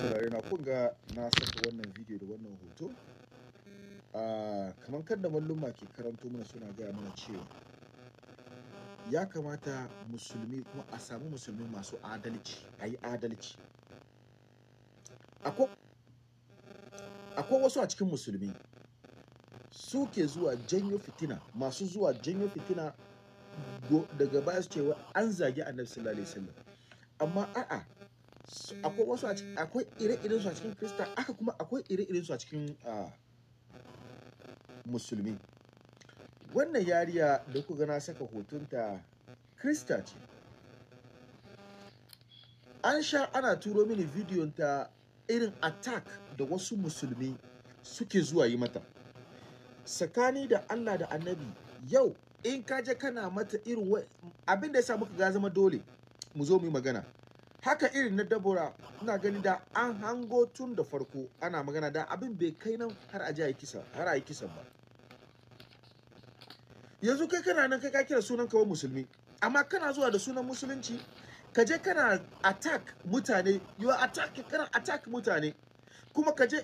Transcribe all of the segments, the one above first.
saurare na kun ga na saka wannan bidiyo da wannan hoto kamar kan malluma ke karanto mana suna gaya mana cewa ya kamata musulmi kuma a samu musulmi masu adalci a yi adalci akwai wasu a cikin musulmi su ke zuwa janyo fitina masu zuwa janyo fitina daga baya su cewa an zagi annabi sallallahu alaihi wasallam amma a'a akwai wasu a cikin akwai ire-iren a cikin krista aka kuma akwai ire-iren a cikin musulmi wannan yariya da kuka gana saka hotunta krista ce an sha ana turo mini bidiyon ta irin attack da wasu musulmi suke zuwa yi mata tsakani da allah da annabi yau in kaje kana mata irin abin da ya sa muka ga zama dole mu zo mu yi magana haka irin na dabora ina gani da an hango tun da farko ana magana da abin bai kai nan har a yi kisa har a yi kisan ba yanzu kai kana nan kai ka kira sunan kawai musulmi amma kana zuwa da sunan musulunci ka je kana attack mutane you are attack kana attack mutane kuma ka je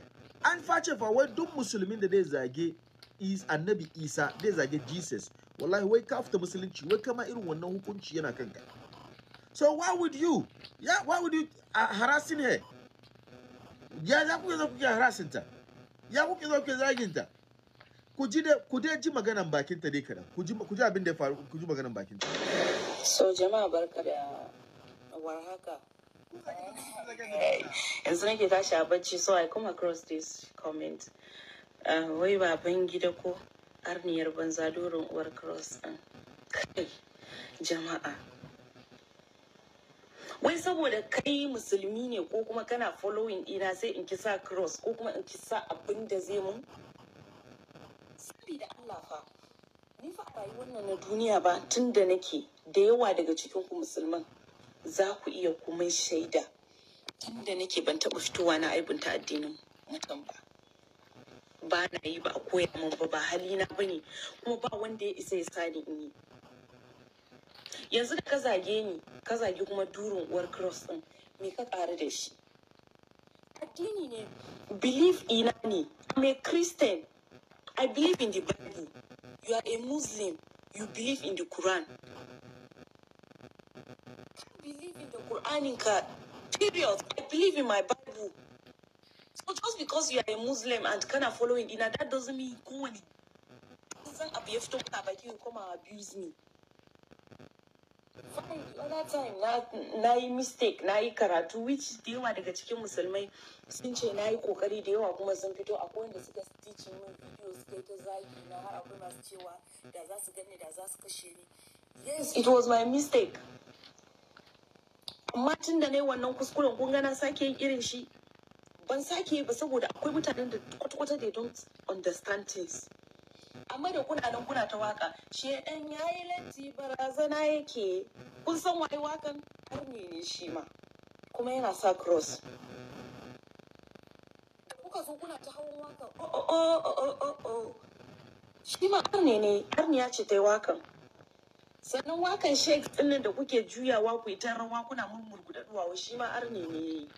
an face fa wai duk musulmin da zai zage annabi isa zai zage jesus wallahi wai ka fita musulunci wai kama irin wannan hukunci yana kanka so why would you yeah why would you uh, harassing her ya that ku zo kuke harassing Yeah, ya kuke zo kuke zagin ta ku ji da ku dai ji maganan bakin ta dai kadan ku could you have abin da ya faru ku again maganan back ta so jama'a barka da warhaka yanzu nake tashi a bacci so i come across this comment uh, wai baban gida ko arniyar banza doron uwar cross din kai jama'a wai saboda kai musulmi ne ko kuma kana following ina sai in kisa cross ko kuma in kisa abin da zai mun da Allah fa ni fa bai wannan na duniya ba tun da nake da yawa daga cikin ku musulman za ku iya kuma shaida tun da nake ban taɓa fitowa na ta addinin mutum ba ba na yi ba a koya min ba ba halina ba ne kuma ba wanda ya isa ya sani in yi yanzu da ka zage ni ka zage kuma durin uwar cross din me ka ƙaru da shi addini ne believe ina ne i'm a christian i believe in the bible you are a muslim you believe in the quran I believe in the quran in ka period i believe in my bible so just because you are a muslim and kana following ina that doesn't mean you. zan abu ya fito ka baki abuse me na yi mistake na yi karatu which da yawa daga cikin musulmai sun ce na yi kokari da yawa kuma sun fito akwai wanda suka teaching min video suka yi ta zagi na har akwai masu cewa da za su gani da za su kashe ni yes it was my mistake amma tun da na yi wannan kuskuren kun na sake yin irin shi ban sake ba saboda akwai mutanen da kwata-kwata they don't understand things amma da kuna nan kuna ta waka dan yayi lati barazana yake kun san wai wakan har ne shi ma kuma yana sa cross kuka zo kuna ta hawan wakan oh oh oh, oh oh oh oh shi ma har ne ne ya ce ta yi wakan sannan wakan shake din da kuke juyawa ku ita rawa kuna murmurguda duwawa shi ma ne ne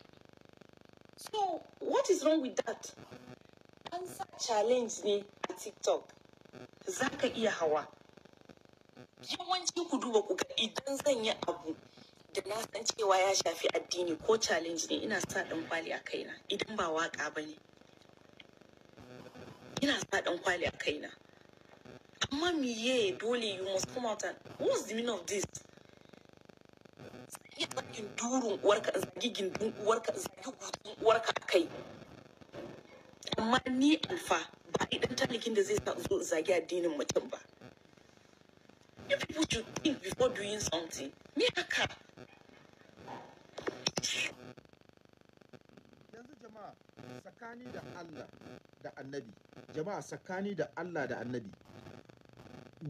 so what is wrong with that an sa challenge ne a tiktok za ka iya hawa yawanci ku duba ku ga idan zan yi abu da na san cewa ya shafi addini ko challenge ne ina sa dan kwali a kaina idan ba waka ba ne ina sa dan kwali a kaina amma miye dole you must come out and what's the meaning of this iya zagin durun uwarka in zagi gindin uwarka in zagi gudun uwarka a kai amma ni alfa idan talikin da zai sa zo in zagi addinin mutum ba you people should think before doing something me haka yanzu jama'a tsakani da Allah da annabi jama'a tsakani da Allah da annabi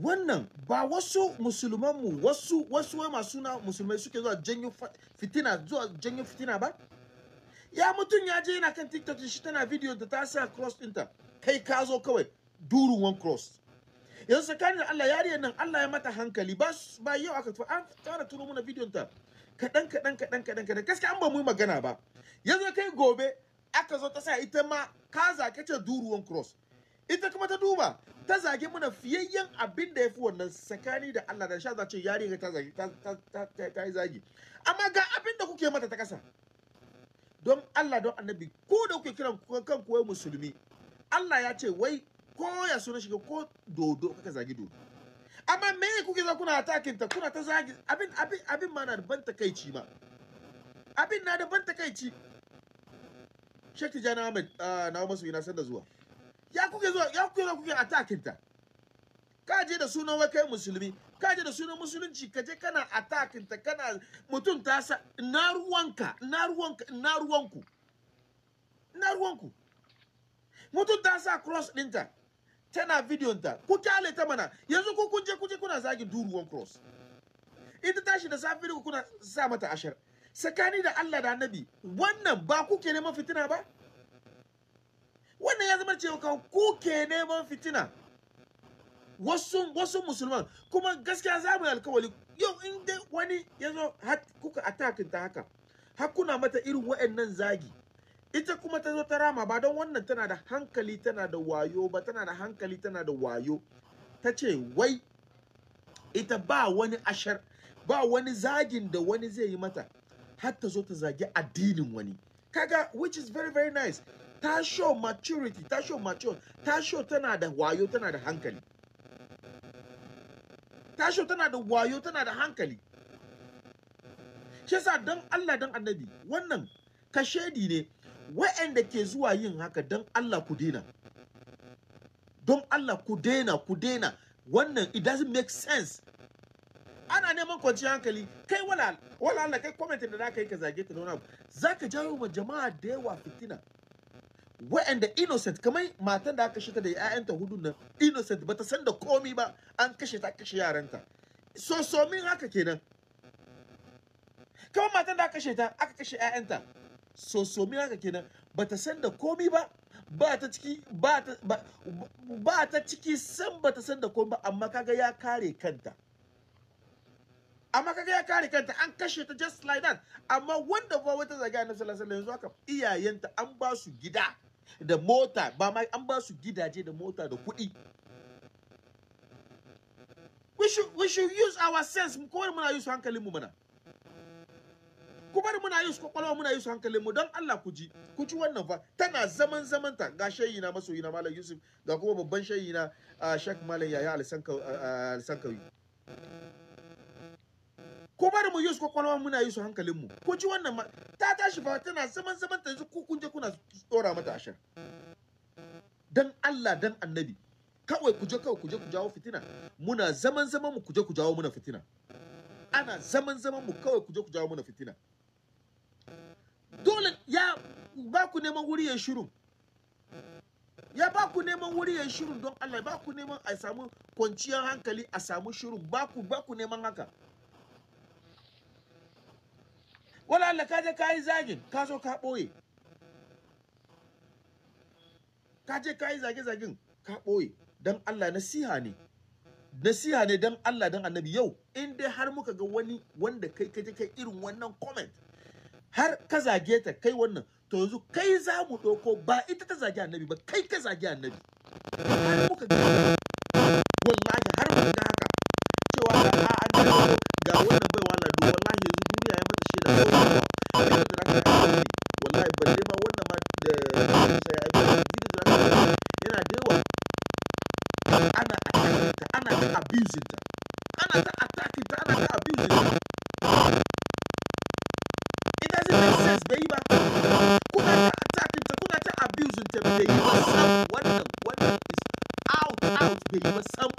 wannan ba wasu musulmanmu wasu wasu wai masu na musulmai suke zuwa janyo fitina zuwa janyo fitina ba ya mutum ya je yana kan tiktok shi tana video da ta sa cross inter kai ka zo kawai durun one cross yanzu tsakanin Allah yariyar nan Allah ya mata hankali ba ba yau aka tafi an fara turo mana bidiyon ta kadan kadan kadan kadan kadan gaskiya an ba mu magana ba yanzu kai gobe aka zo ta sa ita ma ka zaka ce duruwan cross ita kuma ta duba ta zage mana fiyayyen abin da ya fi wannan tsakani da Allah da sha za ce yari ta zage ta yi zagi amma ga abin da kuke mata ta kasa don Allah don annabi ko da kuke kiran kanku kuwa musulmi Allah ya ce wai ko ya so na shiga ko dodo kaka zagi dodo amma me kuke za kuna atakin ta kuna ta zagi abin abin abin ma na da ban takaici ma abin na da ban takaici Sheikh Tijani Ahmed ah, na masu yana sanda zuwa ya kuke zuwa ya kuke kuke atakin ta ka je da sunan wai kai musulmi ka je da sunan musulunci ka je kana atakin ta kana mutum ta sa na ruwanka na ruwanka na ruwanku na ruwanku mutum ta sa cross dinta tana video ta ku kyale ta mana yanzu ku kunje kuje kuna zagi duruwan cross ita tashi da safi da kuna sa mata ashar tsakani da Allah da Annabi wannan ba kuke ke neman fitina ba wannan ya zama cewa ku ke neman fitina wasu wasu musulman kuma gaskiya za mu yi alkawali yau in dai wani ya zo kuka attack ta haka har kuna mata irin wa'annan zagi ita kuma ta zo ta rama ba don wannan tana da hankali tana da wayo ba tana da hankali tana da wayo ta ce wai ita ba wani ashar ba wani zagin da wani zai yi mata har ta zo ta zagi addinin wani kaga which is very very nice ta show maturity ta show mature ta show tana da wayo tana da hankali ta show tana da wayo tana da hankali shi don Allah don Annabi wannan kashedi ne waɗanda ke zuwa yin haka don Allah ku daina don Allah ku daina ku daina wannan it doesn't make sense ana neman kwanciyar hankali kai wala wala Allah kai comment da zaka yi ka zage ta nuna zaka jawo wa jama'a da yawa fitina waɗanda innocent kamar matan da aka shita da ƴaƴanta hudu nan innocent bata san da komi ba an kashe ta kashe yaranta so so min haka kenan kamar matan da aka kashe ta aka kashe ƴaƴanta sosomi haka kenan ba ta san da komi ba ba ta ciki ba ta ba ta ciki san ta san da komi ba amma kaga ya kare kanta amma kaga ya kare kanta an kashe ta just like that amma wanda ba wata zagaya na sallallahu alaihi yanzu haka iyayenta an ba su gida da mota ba ma an ba su gidaje da mota da kuɗi we should we should use our sense ko muna use hankalin mu mana ku bari muna yin su kwakwalwa muna yin su hankalin mu don Allah ku ji ku ji wannan fa tana zaman zaman ta ga shayi na masoyi na Malam Yusuf ga kuma babban shayi na Sheikh Malam Yaya Alsankawi ku bari mu yi su kwakwalwa muna yi su hankalin mu ku ji wannan ma ta tashi fa tana zaman zaman ta yanzu ku kun je kuna tsora mata ashar dan Allah dan Annabi kawai ku je kawai ku je ku jawo fitina muna zaman zaman mu ku je ku jawo muna fitina ana zaman zaman mu kawai ku je ku jawo muna fitina dole ya ba ku neman wuri ya shiru ya ba ku neman wuri ya shiru don Allah ba ku neman a samu kwanciyar hankali a samu shiru ba ku ba ku neman haka wala Allah ka je ka yi zagin ka zo ka ɓoye ka je ka yi zage zagin ka boye don Allah nasiha ne nasiha ne don Allah don annabi yau in dai har muka ga wani wanda kai kaje kai irin wannan comment har ka zage ta kai wannan to yanzu kai za mu ɗauko ba ita ta zage annabi ba kai ka zage annabi bai yi ba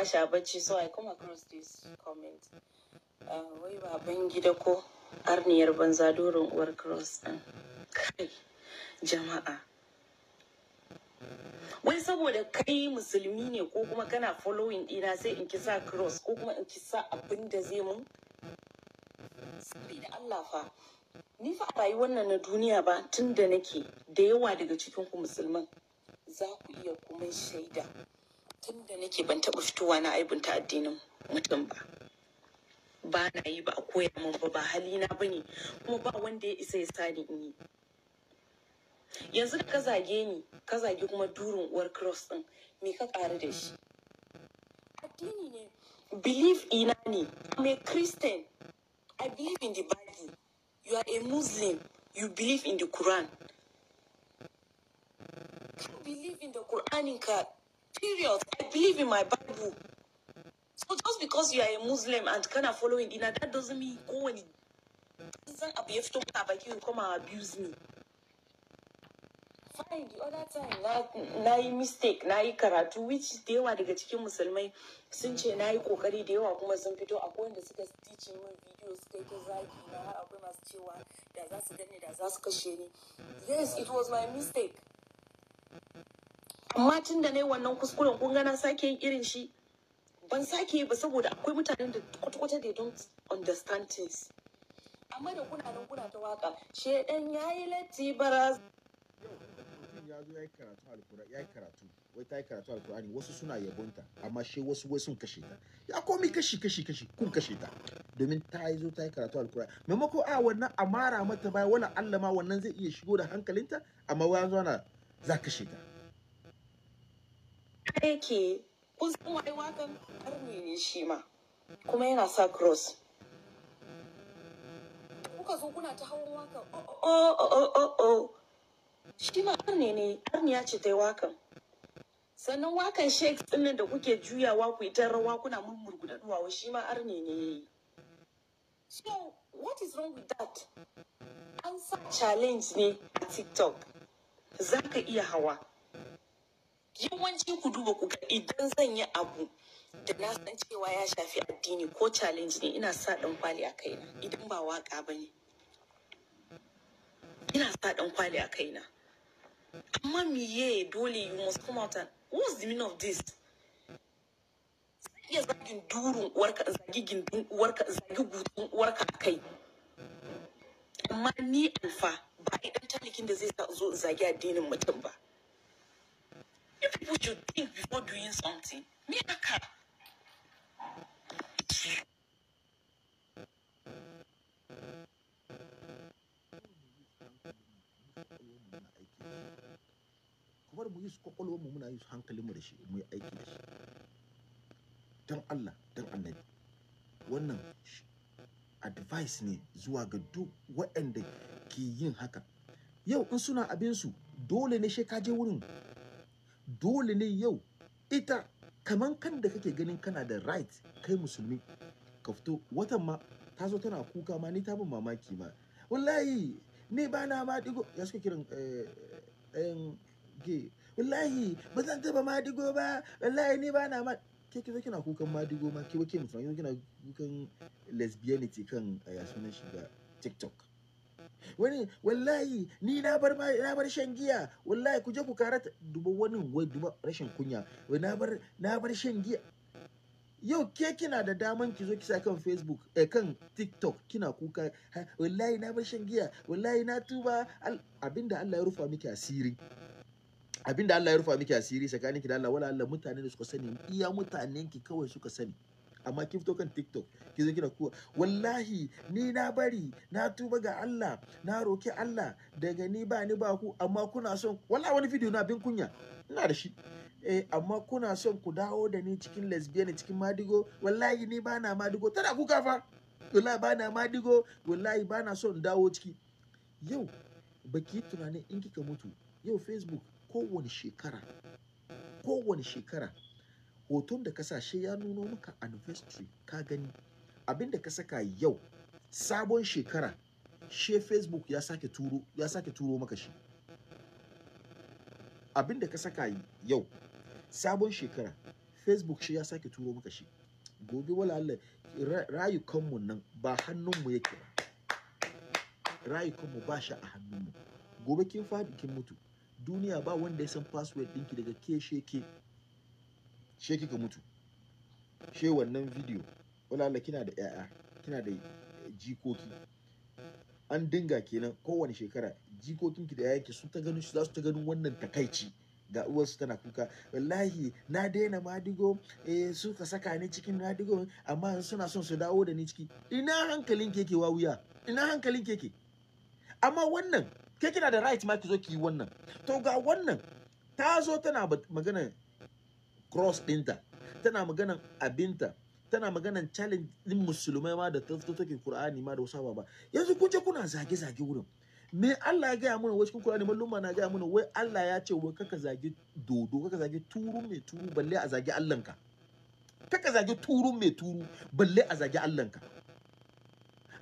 tashi a bacci so I come across this comment. Ah, wai baban gida ko arniyar banza doron uwar cross din Kai jama'a. Wai saboda kai musulmi ne ko kuma kana following ɗina sai in kisa cross ko kuma in kisa abin da zai mun? Saboda Allah fa. Ni fa a wannan na duniya ba tun da nake da yawa daga cikin ku musulman za ku iya kuma shaida. tun da nake ban taɓa fitowa na aibunta addinin mutum ba ba na yi ba a koya min ba ba halina ba ne kuma ba wanda ya isa ya sani in yi yanzu ka zage ni ka zage kuma durin uwar cross din me ka ƙaru da shi addini ne belief ina ne i'm a christian i believe in the bible you are a muslim you believe in the quran ka believe in the quran ka Period. I believe in my Bible. So just because you are a Muslim and kind of following dinner, that doesn't mean go and doesn't behave to about you come and abuse me. Fine, the other time na na mistake na yi karatu which da yawa daga cikin Muslim? Since na yi kokari da yawa kuma sun fito akwai wanda suka teaching my videos. suka yi ta zagi na har akwai masu cewa da za su gani da za su kashe yes it was my mistake amma tun da na yi wannan kuskuren kun na sake yin irin shi ban sake yi ba saboda akwai mutanen da kwata-kwata they don't understand things amma da kuna nan kuna ta waka shedan ya yi latti baraz ya ya yi karatu ya yi karatu wai ta yi karatu alkur'ani wasu suna yabonta amma she wasu wai sun kashe ta ya komi kashi kashi kashi kun kashe ta domin ta yi zo ta yi karatu alkur'ani maimako a wannan amara mata baya wani allama wannan zai iya shigo da hankalinta amma wai an zo za kashe ta yake kusan wai wakan karni ne shi ma kuma yana sa cross kuka zo kuna ta hawan wakan oh oh oh, oh oh oh oh shi ma karni ne karni ya ce ta wakan sannan wakan shakes din da kuke juyawa ku ta rawa kuna murmurguda duwawa shi ma arni ne yayi so what is wrong with that an sa challenge ne a tiktok za ka iya hawa yawanci ku duba ku ga idan zan yi abu da na san cewa ya shafi addini ko challenge ne ina sa dan kwali a kaina idan ba waka ba ne ina sa dan kwali a kaina amma miye dole you must come out and what's the meaning of this iya zagin durun uwarka zagi gindin uwarka zagi gutun uwarka a kai amma ni alfa ba idan talikin da zai sa zo zagi addinin mutum ba You people should think before doing something. Miracle. kamar mu yi da shi mu aiki da shi don Allah don annabi wannan advice ne zuwa ga duk waɗanda ke yin haka yau in suna abinsu dole ne shi ka je wurin dole ne yau ita kaman kan da kake ganin kana da right kai musulmi ka fito watan ma ta zo tana kuka ma ni ta bin mamaki ma wallahi ni ba na ma digo ya suka kiran eh, eh, ɗayan ge wallahi ba zan taba ma digo ba wallahi ni ba na ma ke kizo kina kukan ma digo ma ke wake mutum kina kukan lesbianity kan eh, ya sunan shi ga tiktok wani wallahi ni na bar na bar shan giya wallahi ku je ku karata duba wani wai duba rashin kunya wai na bar na bar shan giya yau ke kina da daman ki zo kisa kan facebook eh kan tiktok kina kuka wallahi na bar shan giya wallahi na tuba abinda Allah ya rufa miki asiri abinda Allah ya rufa miki asiri tsakaninki da Allah wala Allah mutane da suka sani iya mutanen ki kawai suka sani amma kin fito kan tiktok ki zo kina kuwa wallahi ni na bari na tuba ga Allah na roki Allah daga ni ba ni ba ku amma kuna son wallahi wani video na bin kunya ina da shi eh amma kuna son ku dawo da ni cikin lesbian cikin madigo wallahi ni ba na madigo tana kuka fa wallahi ba na madigo wallahi ba na son dawo ciki yau baki tunanin in kika mutu yau facebook kowane shekara kowane shekara hoton da ka sa shi ya nuno maka anniversary ka gani Abin da ka saka yau sabon shekara she facebook ya sake turo ya sake turo maka shi da ka saka yau sabon shekara facebook shi ya sake turo maka shi gobe wala Allah rayukanmu nan ba hannunmu yake ba rayukanmu ba shi a hannunmu gobe kin fadi kin mutu duniya ba wanda ya san password ɗinki daga ke sheke she kika mutu she wannan video wala kina da yaya kina da jikoki an dinga kenan kowane shekara jikokin ki da ki su ta ganin za su ta ganin wannan takaici ga uwarsu tana kuka wallahi na daina madigo eh suka saka ni cikin madigo amma suna son su dawo da ni ciki ina hankalin keke wawuya ina hankalin keke amma wannan ke kina da right ma ki zo ki yi wannan to ga wannan ta zo tana magana cross dinta tana maganan abinta tana maganan challenge din musulmai ma da ta take Qur'ani ma da wasu ba yanzu kun je kuna zage zage wurin me Allah ya gaya mana wai cikin Qur'ani malluma na gaya mana wai Allah ya ce wai kaka zage dodo kaka zage turu mai turu balle a zage Allahnka kaka zage turu mai turu balle a zage Allahnka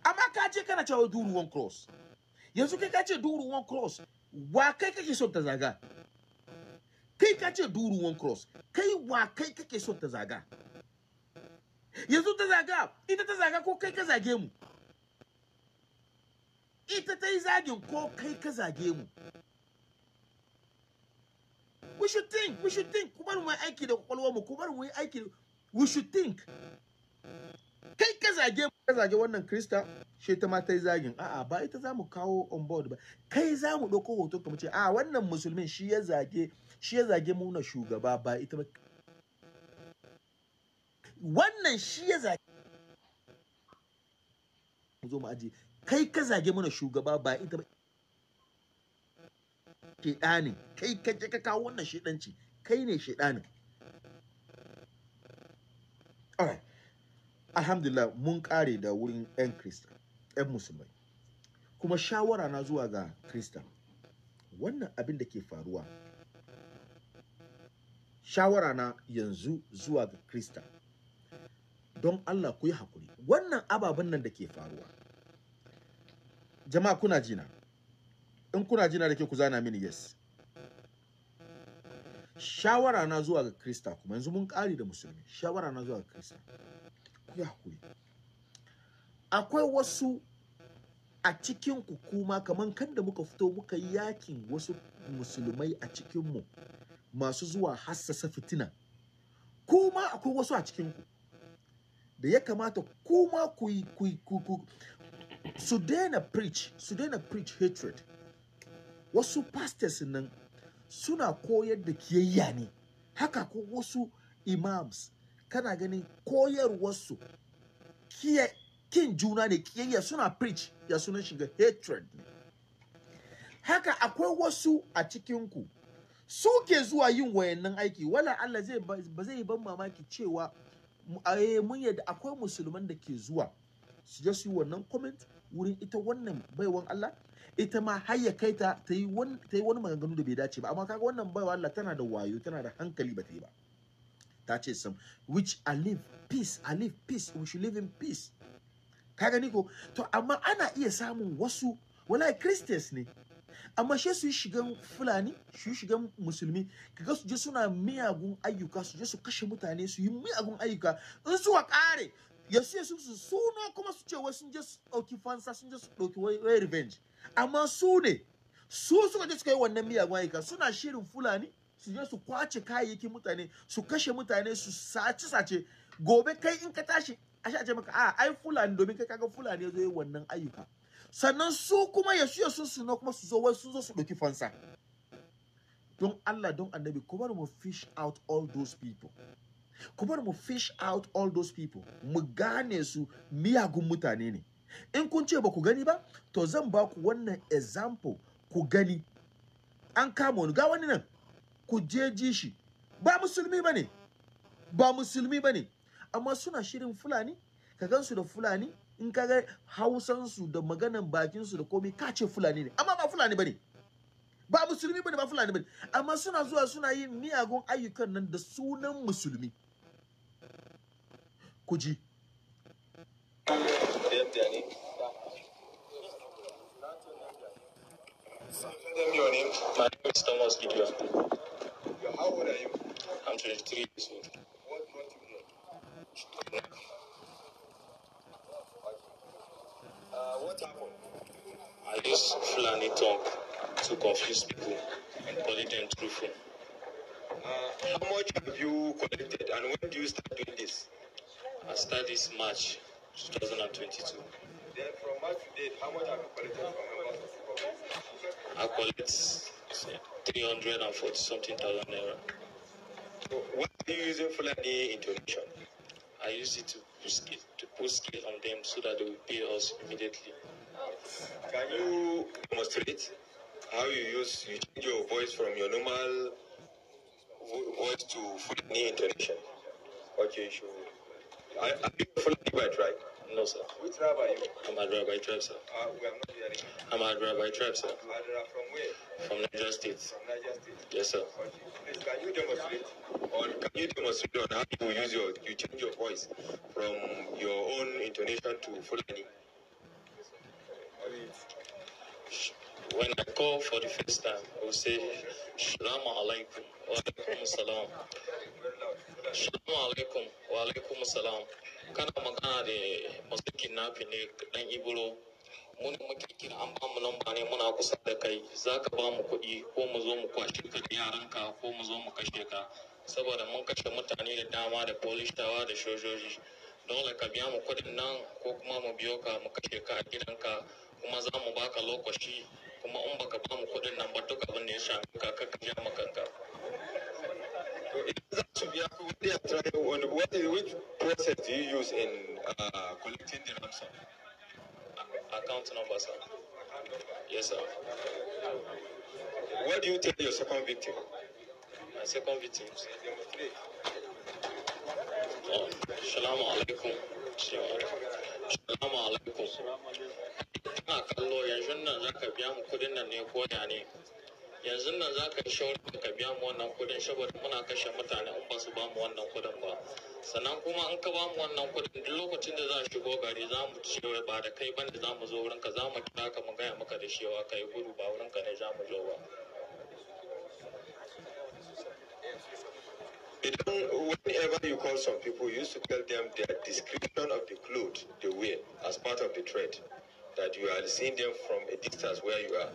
amma ka ce kana cewa duru one cross yanzu kai ka ce duru one cross wa kai kake son ta zaga kai ka ce duruwan cross kai wa kai kake so ta zaga yanzu ta zaga ita ta zaga ko kai ka zage mu ita ta yi zagin ko kai ka zage mu we should think we should think kuma mu aiki da kwakwalwar mu kuma mu aiki we should think kai ka zage mu ka zage wannan krista she ta ma ta yi zagin a'a ba ita za mu kawo on board ba kai za mu ɗauko hoto ka ce a wannan musulmin shi ya zage shi ya zage muna shugaba ba ita ba wannan shi ya zage mu zo mu aje kai ka zage muna shugaba ba ita ba ɗanin kai ka je ka kawo wannan shiɗanci kai ne shedanin alright alhamdulillah mun kare da wurin yan krista yan musulmai kuma shawara na zuwa ga krista wannan abin da ke faruwa shawara na yanzu zuwa ga krista don allah ku yi hakuri wannan ababen nan da ke faruwa jama'a kuna jina in kuna jina da ke ku zana mini yes shawara na zuwa ga krista kuma yanzu mun ƙari da musulmi shawara na zuwa ga krista ku yi hakuri akwai wasu a cikin kukuma kuma kaman kan da muka fito muka yi yakin wasu musulmai a cikinmu masu zuwa hassasa fitina kuma akwai wasu a cikinku da ya kamata kuma ku yi ku su daina preach su daina preach hatred wasu pastors nan suna koyar da kiyayya ne haka ko wasu imams kana ganin koyarwarsu kin juna ne kiyayya suna preach ya sunan shiga hatred ne haka akwai wasu a cikinku suke zuwa yin wayannan aiki wala Allah zai ba zai ban mamaki cewa eh, mun yadda akwai musulman da ke zuwa su je su yi wannan comment wurin ita wannan baiwan Allah ita ma har ya kai ta ta yi wani maganganu da bai dace ba amma kaga wannan baiwa Allah tana da wayo tana da hankali ba ta yi ba ta ce sam which I live peace I live peace we should live in peace ka gani ko to amma ana iya samun wasu wallahi christians ne amma she su yi shigan fulani su yi shigan musulmi kaga su je suna miyagun ayyuka su je su kashe mutane su yi miyagun ayyuka in suka kare ya su su su suna kuma su ce sun je su ɗauki fansa sun je su ɗauki wai revenge amma su ne su suka je suka yi wannan miyagun ayyuka suna shirin fulani su je su kwace kayayyakin mutane su kashe mutane su sace sace gobe kai in ka tashi a ce maka a ai fulani domin kai kaga fulani ya zo yi wannan ayyuka sannan su kuma ya yasu su na kuma su zo wai sun zo su ɗauki fansa don Allah don annabi ku mu fish out all those people ku mu fish out all those people mu gane su miyagun mutane ne in kun ce ba ku gani ba to zan ba ku wannan example ku gani an kama wani ga wani nan ku je ji shi ba musulmi ba ne ba musulmi ba ne amma suna shirin fulani ka gansu da fulani in ka ga hausansu da maganan bakinsu da komai ka ce fulani ne amma ba fulani ba ne ba musulmi ba ne ba fulani ba ne amma suna zuwa suna yin miyagun ayyukan nan da sunan musulmi ku ji My you? Uh, what happened? I just Fulani talk to confuse people and call it untruthful. Uh, how much have you collected and when do you start doing this? I started this March 2022. Then from March to date, how much have you collected from members of the I collect 340 something thousand naira. So, what are you using Fulani intonation? I use it to put to put skill on them so that they will pay us immediately. Can you demonstrate how you use you change your voice from your normal voice to full Fulani intonation? Okay, sure. I, are you Fulani by right? No, sir. Which tribe are you? I'm Adra Rabbi tribe, sir. Uh, we are not hearing. I'm Adra Rabbi tribe, sir. Adra from where? From Niger State. From Niger State. Yes, sir. Please, can you demonstrate on can you demonstrate on how you use your you change your voice from your own intonation to Fulani? When I call for the first time, I will say Shalom alaikum wa alaikum salam. Shalom alaikum wa alaikum salam. kana magana da masu na ne dan iburo muna muke kira an ba mu lamba ne muna kusa da kai za ka ba mu kuɗi ko mu zo mu kwashe ka da yaranka ko mu zo mu kashe ka saboda mun kashe mutane da dama da polishawa da shojoji dole ka biya mu kuɗin nan ko kuma mu biyo ka mu kashe ka a gidanka kuma za mu baka lokaci kuma in baka ba mu kuɗin nan ba duk abin da ya shafi ka ka kashe makanka. to on what which process do you use in uh, collecting the ransom? Account number, sir. Yes, sir. What do you tell your second victim? My second victim. Oh, Shalom alaikum. Shalom alaikum. Ina kallo yanzu nan zaka biya mu kudin nan ne ko ya ne? yanzu nan za ka shawar da ka biya mu wannan kudin saboda muna kashe mutane in ba su ba mu wannan kudin ba sannan kuma in ka ba mu wannan kudin duk lokacin da za a shigo gari za mu cewa ba da kai bane za mu zo wurin ka za mu kira ka mu gaya maka da cewa kai gudu ba wurin ka ne za mu zo ba Idan whenever you call some people, you used to tell them the description of the clothes they wear as part of the trade, that you are seeing them from a distance where you are.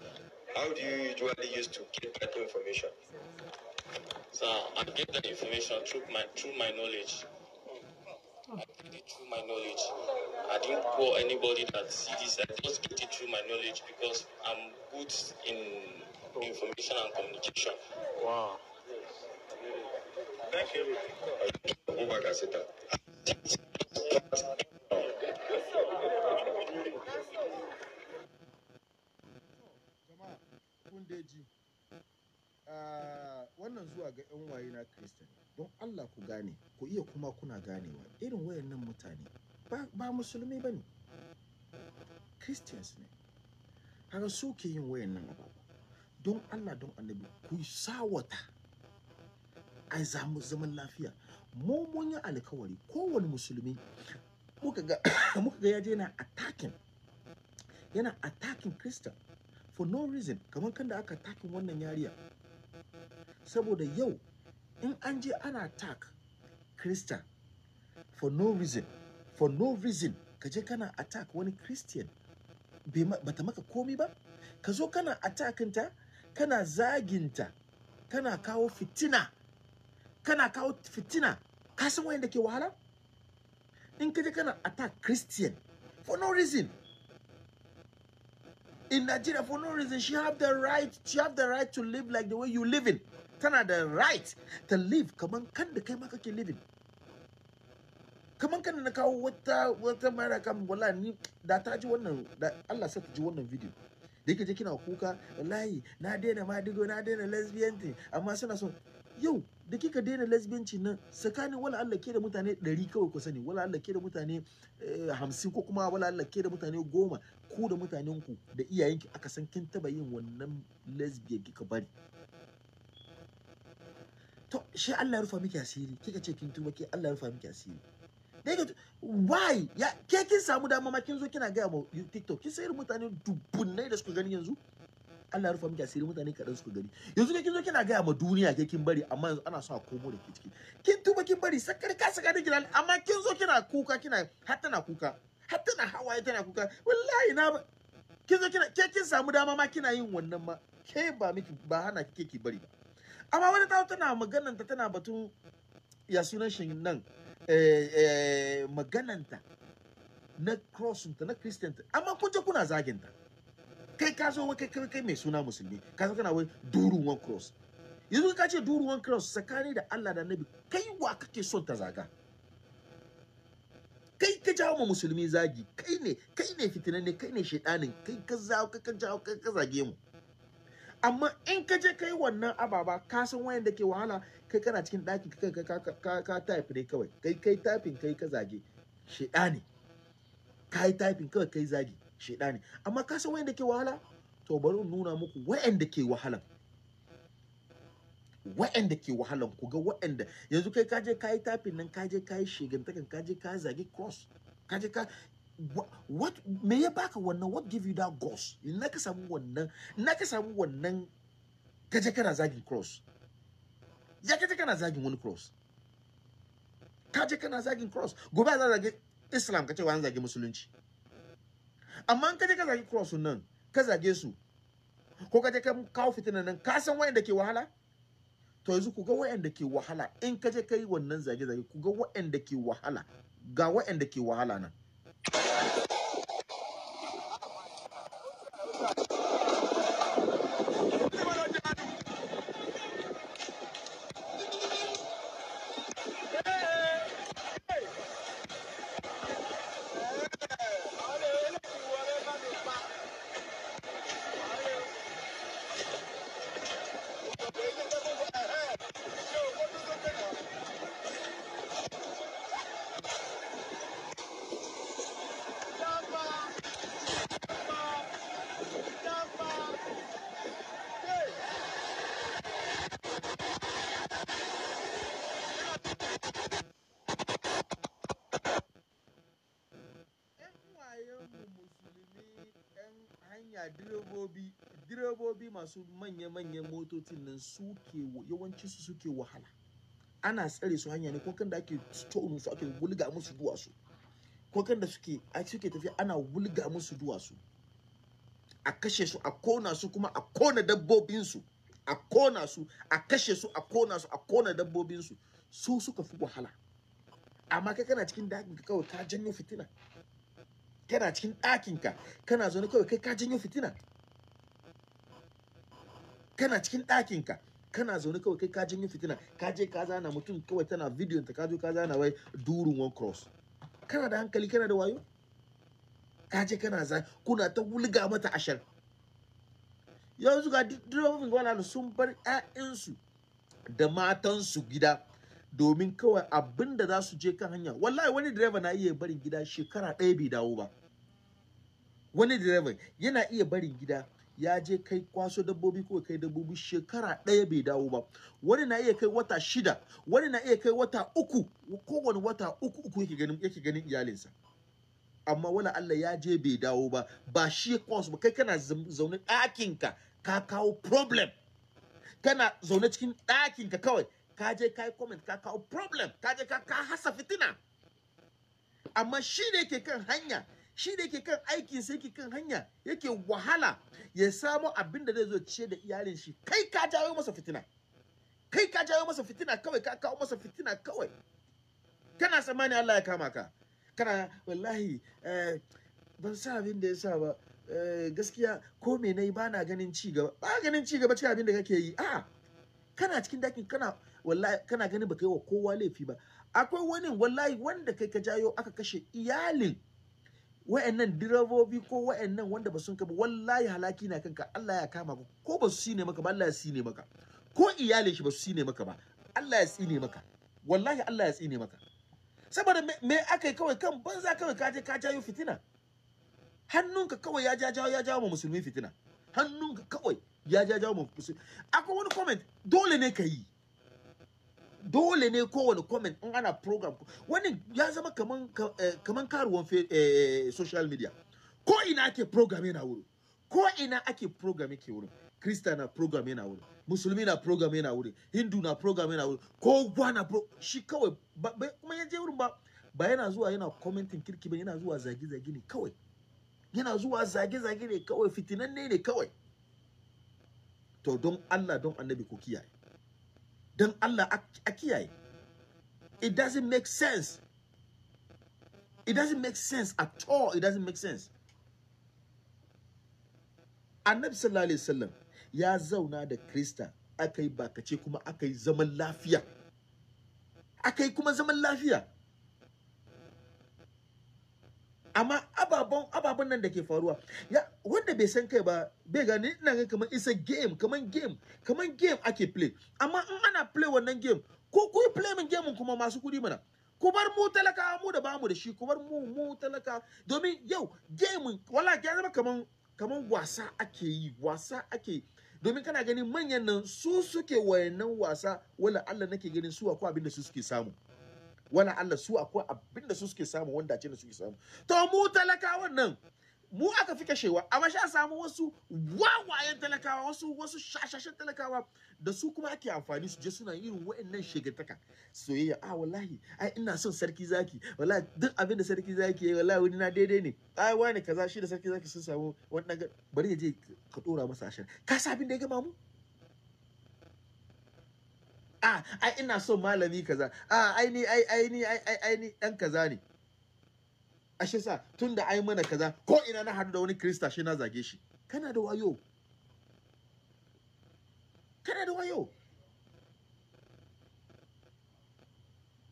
How do you usually use to get that information? So I get that information through my through my knowledge. I get it through my knowledge. I didn't call anybody that see this. I just get it through my knowledge because I'm good in information and communication. Wow. Thank you. bandeji ah, wannan zuwa ga 'yan waye na kristan don allah ku gane ku iya kuma kuna ganewa irin wayannan mutane ba musulmi ba ne christians ne har su ke yin wayannan ababu don allah don annabi ku sawata a zamu zaman lafiya mu mun yi alkawari kowane musulmi muka ga yaje yana attacking yana attacking christian for no reason kamar kan da aka tafin wannan yariya saboda yau in an je ana tak krista for no reason for no reason ka je kana attack wani christian bata maka komi ba ka zo kana attackinta kana zaginta kana kawo fitina kana kawo fitina ka san da ke wahala in ka je kana attack christian for no reason in Nigeria for no reason. She have the right. She have the right to live like the way you living. Tana the right to live kaman kan da kai ma kake living. Kaman kan na kawo wata wata mara kam wallahi ni da ta ji wannan da Allah sa ta ji wannan video. Da yake je kina kuka wallahi na daina ma na daina lesbian thing amma suna son yau da kika daina lesbianci nan tsakanin wala Allah ke da mutane 100 kawai ku sani wala Allah ke da mutane 50 eh, ko kuma wala Allah ke da mutane 10 ku da mutanen ku da iyayenki aka san kin taba yin wannan lesbian kika bari to shi Allah ya rufa miki asiri kika ce kin tuba ki Allah ya rufa miki asiri daga why ya ke kin samu dama ma kin zo kina ga mu TikTok kin sayar mutane dubbunai da suka gani yanzu Allah ya rufa miki asiri mutane kaɗan suka gani yanzu ne kin zo kina gaya ma duniya ke kin bari amma yanzu ana so a komo da ke ciki kin tuba kin bari sakar ka saka da gidan amma kin zo kina kuka kina har tana kuka har tana hawaye tana kuka wallahi na ba kin zo kina ke kin samu dama ma kina yin wannan ma ke ba miki ba hana kike ki bari ba amma wani ta tana maganan ta tana batun ya sunan shin nan eh eh maganan ta na cross ta na christian ta amma kun je kuna zagin ta kai ka zo wai kai kai mai suna musulmi ka zo kana wai duru one cross yanzu ka ce duru one cross tsakani da Allah da Annabi kai wa kake son ta zaga kai ka jawo mu musulmi zagi kai ne kai ne fitinan ne kai ne shedanin kai ka zawo ka jawo kai ka zage mu amma in ka je kai wannan ababa ka san wayan da ke wahala kai kana cikin daki kai ka ka ka type ne kawai kai kai typing kai ka zage shedani kai typing kawai kai zagi shedani amma ka san wayanda ke wahala to bari in nuna muku wayanda ke wahala wa'anda ke wahala, ku ga wa'anda yanzu kai kaje ka yi tafin nan kaje ka yi shigantakan kaje ka zagi cross kaje ka what me ya baka wannan what give you that goals na ka samu wannan na ka samu wannan kaje kana zagin cross ya kaje kana zagin wani cross kaje kana zagin cross gobe za zage islam kace wa an zage musulunci amma ka je ka zagi cross nan ka zage su ko ka je ka kawo fitina nan ka san wayanda ke wahala to yanzu ku ga wayanda ke wahala in kaje je ka wannan zage zage ku ga wayanda ke wahala ga wayanda ke wahala nan masu manya-manyan motocin nan suke yawanci su suke wahala ana tsare su hanya ne ko kan da ake tonu su ake wulga musu su ko kan da suke a suke tafi ana wulga musu su a kashe su a kona su kuma a kona dabbobin su a kona su a kashe su a kona su a kona dabbobin su su suka fi wahala amma kai kana cikin dakin ka kawai ka janyo fitina kana cikin dakin ka kana zaune kawai kai ka janyo fitina kana cikin ɗakinka kana zaune kawai kai ka yin fitina ka je ka zana mutum kawai tana bidiyon ta ka zo ka zana wai durin one cross kana da hankali kana da wayo ka je kana za kuna ta wulga mata ashar yanzu ga direbobin gwamnati sun bar ƴaƴansu da matansu gida domin kawai abinda da za su je kan hanya wallahi wani direba na iya barin gida shekara ɗaya bai dawo ba wani direba yana iya barin gida ya je kai kwaso dabbobi ko kai dabbobi shekara ɗaya bai dawo ba wani na iya kai wata shida wani na iya kai wata uku kowane wata uku uku yake ganin yake ganin iyalinsa amma wala Allah ya je bai dawo ba ba shi kwaso ba kai kana zaune ɗakinka ka kawo problem kana zaune cikin ɗakinka kawai ka je ka yi comment ka kawo problem ka je ka hasa fitina amma shi ne ke kan hanya shi da yake kan aikin sai yake kan hanya yake wahala ya samu abin da zai zo ce da iyalin shi kai ka jawo masa fitina kai ka jawo masa fitina kawai ka kawo masa fitina kawai kana tsammani Allah ya kama ka kana wallahi eh, ban sa abin da ya sa ba eh, gaskiya ko me nayi ba na ganin ci gaba ba ganin ci gaba cikin abin da kake yi a kana cikin dakin kana wallahi kana ganin baka yi wa kowa laifi ba akwai wani wallahi wanda kai ka jayo aka kashe iyalin wa'annan direbobi ko wa'annan wanda ba sun kaba wallahi halaki na kanka Allah ya kama ku ko ba su sine maka ba Allah ya sine maka ko iyale shi ba su sine maka ba Allah ya tsine maka wallahi Allah ya tsine maka saboda me aka yi kawai kan banza kawai ka je ka jayo fitina hannunka kawai ya jawo ya jawo musulmi fitina hannunka kawai ya jawo musulmi akwai wani comment dole ne ka yi dole ne kowane comment in ana program wani ya zama kaman eh, karuwan eh, social media ko ina ake program yana wuri ko ina ake program yake wuri krista na program yana wuri musulmi na program yana wuri hindu na program yana ko gwa na pro shi kawai kuma ya je wurin ba ba yana zuwa yana commentin kirki ba yana zuwa zage-zage ne kawai yana zuwa zage-zage ne kawai fitinanne ne kawai to don Allah don annabi ku kiyaye don Allah a kiyaye it doesn't make sense it doesn't make sense at all it doesn't make sense annabi sallallahu alaihi wasallam ya zauna da krista aka yi bakace kuma aka yi zaman lafiya aka yi kuma zaman lafiya amma ababen ababen nan da ke faruwa ya wanda bai san kai ba bai gani ina ga kamar isa game kamar game kamar game ake play amma in ana play wannan game ko ku play min game kuma masu kudi mana ku bar mu talaka mu da bamu da shi ku bar mu mu talaka domin yau game wala ya zama kamar kamar wasa ake yi wasa ake domin kana ganin manyan nan su suke wayannan wasa wala Allah nake ganin su ko abin da su suke samu wala Allah su akwai abin da su suke samu wanda ce da suke samu to mu talakawan nan mu aka fi kashewa amma sha samu wasu wawayen talakawa wasu wasu shashashen talakawa da su kuma ake amfani su je suna irin wa'annan shegartaka soyayya a ah, wallahi ai ina son sarki zaki wallahi duk abin da sarki zaki yayi wallahi wani na daidai ne ai wani kaza shi da sarki zaki sun samu wannan bari ya je ka dora masa ashar ka sa abin da ya gama mu ah ai ina son malami kaza ah ai ni ai ai ni ai ai ai ni dan kaza ne ashe sa tunda ai mana kaza ko ina na hadu da wani krista shi na zage shi kana da wayo kana da wayo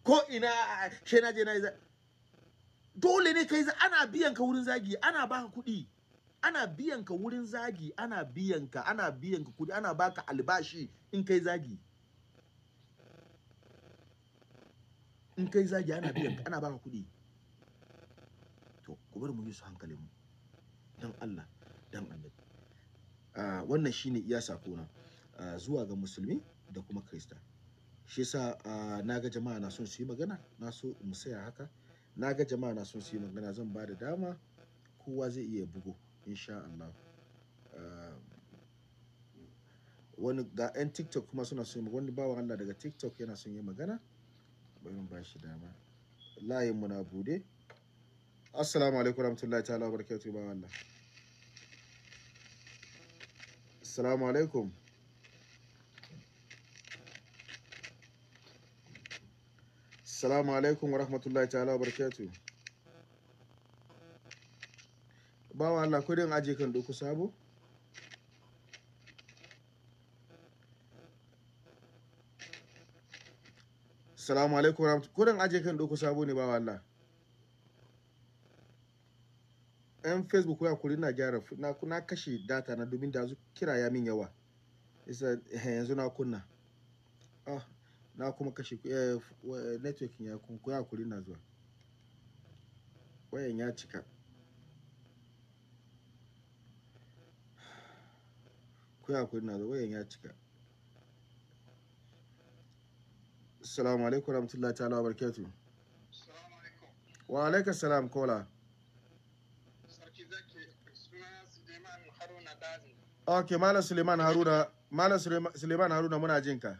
ko ina ah, shi na je na yi dole ne kai ana biyan ka wurin zagi ana baka kuɗi ana biyan ka wurin zagi ana biyan ka ana biyan ka kuɗi ana baka albashi in kai zagi in kai zagi ana biyan ana baka kuɗi to ku bar mu yi su hankalin mu dan Allah dan annabi uh, wannan shine iya sako na ah, zuwa ga musulmi da kuma krista shi yasa ah, naga jama'a na son su yi magana na so mu saya haka naga jama'a na son su yi magana zan ba da dama kowa zai iya bugo insha Allah wani ga 'yan tiktok kuma suna son wani bawan Allah daga tiktok yana son yi magana bari ba shi dama layin mu na bude assalamu alaikum warahmatullahi ta'ala barakatuhu ba wallah assalamu alaikum assalamu alaikum warahmatullahi ta'ala barakatuhu ba ko kudin aje kan duku sabo assalamu alaikum warahmatullahi kudan aje kan doko sabo ne ba Allah. yan facebook ya kuri na gyara na kuna kashe data na domin da kira ya min yawa isa eh, yanzu na kunna ah na kuma kashe eh, eh, network ya kun ku ya kuri na zuwa wayan ya cika ku ya kuri na zuwa wayan ya cika Assalamu alaikum rahmatullahi ta'ala wa barakatuh. Wa alaikum salam kola. Sarki zaki Suleiman Haruna Malam Suleiman Haruna, muna jinka.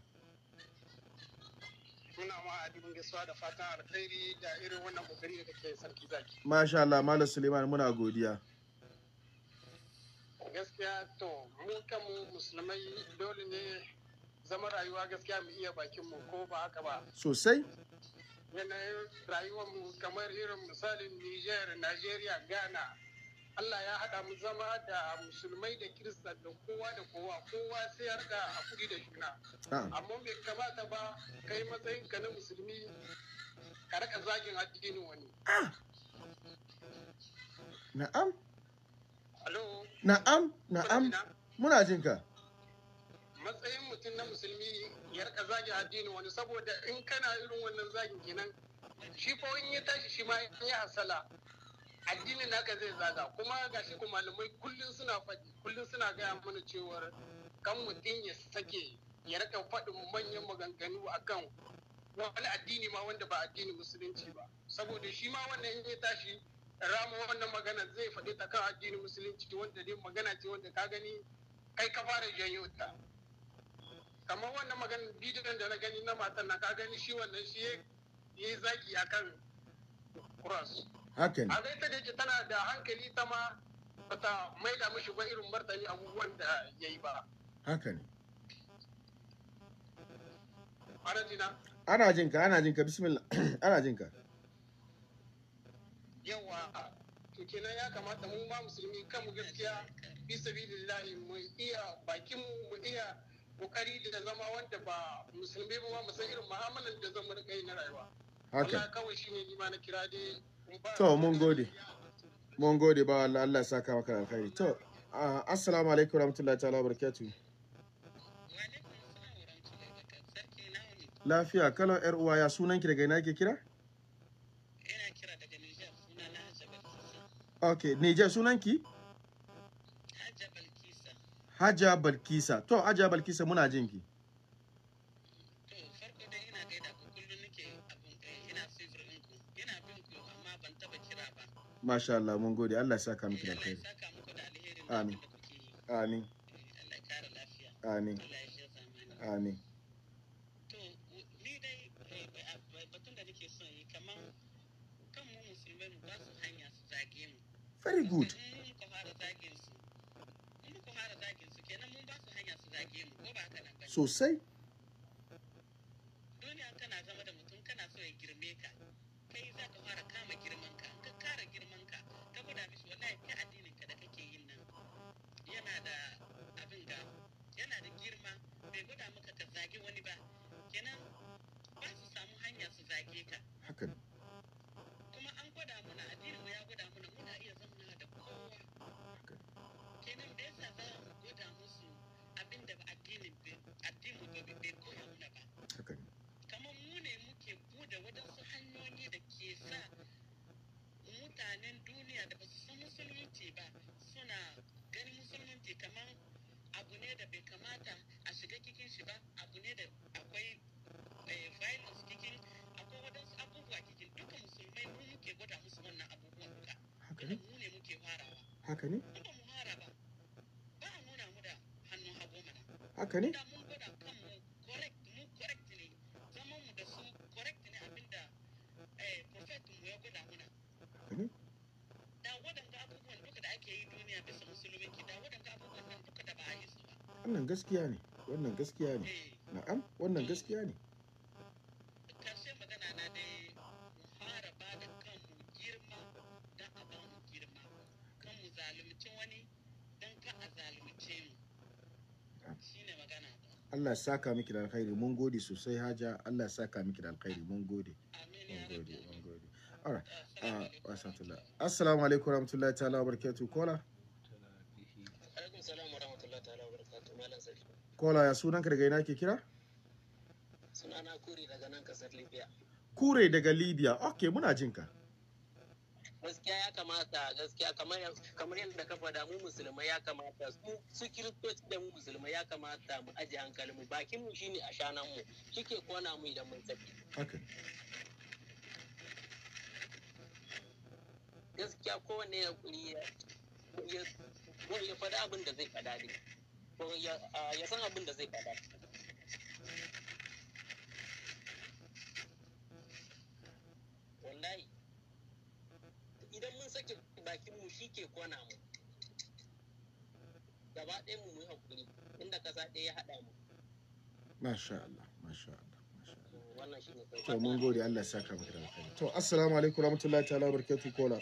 da fatan alkhairi Masha Allah, Malam Suleiman muna godiya. Gaskiya to, mu musulmai dole ne zama rayuwa gaskiya mu iya bakin mu ko ba haka ba sosai yanayin rayuwar mu kamar irin misalin Niger, Nigeria, Ghana Allah ya haɗa mu zama da musulmai da kirista da kowa da kowa kowa sai ya a kuɗi da juna amma bai kamata ba kai matsayin ka na musulmi ka rika zagin addinin wani ah! na'am na'am na'am muna jinka matsayin mutum na musulmi ya rika zagin addinin wani saboda in kana irin wannan zagin kenan shi fa in ya tashi shi ma in ya hasala addinin naka zai zaga kuma shi kuma malamai kullum suna faɗi kullum suna gaya mana cewar kan mutum ya sake ya rika faɗin manyan maganganu akan wani addini ma wanda ba addinin musulunci ba saboda shi ma wannan in ya tashi rama wannan magana zai faɗi ta kan addinin musulunci wanda dai magana ce wanda ka gani kai ka fara janyo ta kamar wannan maganin bidiyon da na gani na matan na ka gani shi wannan shi ya yi zaki kan cross hakan a zai ta da tana da hankali ta ma bata mai da mishi ba irin martani abubuwan da ya yi ba hakan ana jina ana jinka ana jinka bismillah ana jinka yawa to kenan ya kamata mu ma musulmi mu gaskiya bi sabilillahi mu iya bakin mu mu iya kokari da zama wanda ba musulmi ba mu san irin mu'amalar da zan rika yi na rayuwa haka Allah kawai shine ni ma na kira dai to mun gode mun gode ba Allah Allah saka maka alkhairi to assalamu alaikum warahmatullahi ta'ala barakatuh lafiya kalon yar uwa ya sunan ki daga ina ke kira ina kira daga Niger sunana Asabe Okay, Niger sunan ki? Hajiya Balkisa. To, Hajiya Balkisa muna jin ki. Eh, Masha Allah, mun gode. Allah ya saka miki da alheri. Amin. Amin. Amin. Amin. To, ni dai eh, batun da nake son yi kaman kan mu musulmai ba su hanya su zage mu. Very good. Mm -hmm. sosai duniya kana zama da mutum kana so ya girme ka kai za ka fara kama girman ka ka kara girman ka ka gwada mishi wallahi ta addinin ka da kake yin nan yana da abin da yana da girma bai gwada maka ka zage wani ba kenan ba su samu hanya su zage ka haka addinin mu bai koya muna ba kamar mu ne muke bude waɗansu hanyoyi da ke sa mutanen duniya da ba su san musulunci ba suna ganin musulunci kamar abu ne da bai kamata a shiga cikin shi ba abu ne da akwai eh, violence akwai waɗansu abubuwa duka musulmai mu muke gwada musu wannan duka haka mu ne muke farawa haka ne ba mu fara ba ba a nuna mu da hannun hagu mana haka ne gaskiya ne wannan gaskiya ne na'am wannan gaskiya ne Allah ya saka miki da alkhairi mun gode sosai haja Allah ya saka miki da alkhairi mun gode mun gode mun gode all right assalamu ah, alaikum warahmatullahi ta'ala wabarakatuh kola kola ya sunanka daga ina ke kira sunana kure daga nan kasar libya kure daga libya ok muna jinka gaskiya ya kamata gaskiya kamar yadda ka faɗa mu musulmai ya kamata su kiristoci da mu musulmai ya kamata mu aje hankali mu bakin mu shine a shanan mu kike kona mu idan mun tafi gaskiya kowanne ya kuri ya faɗa abin da zai faɗa ne ya san abin da zai faɗa wallahi idan mun sake bakin mu shi ke kona mu gaba ɗaya mu mu hakuri inda kasa ɗaya ya haɗa mu masha Allah masha Allah to mun gode Allah ya saka maka da to assalamu alaikum warahmatullahi ta'ala barkatu kola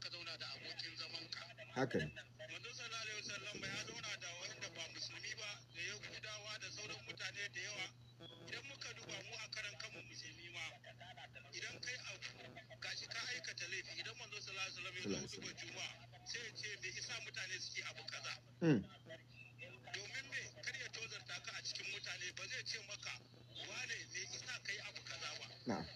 ka zauna da abokin zamanka haka ne sallallahu alaihi wasallam ya zauna da wanda ba musulmi ba da yahudawa da sauran mutane da yawa idan muka duba mu a karan kanmu musulmi ma idan kai abu gashi ka aikata laifi idan manzon sallallahu alaihi wasallam ya duba sai ya ce me isa mutane suke abu kaza hmm. domin me kar ya tozarta ka a cikin mutane ba zai ce maka wane me isa kai abu kaza ba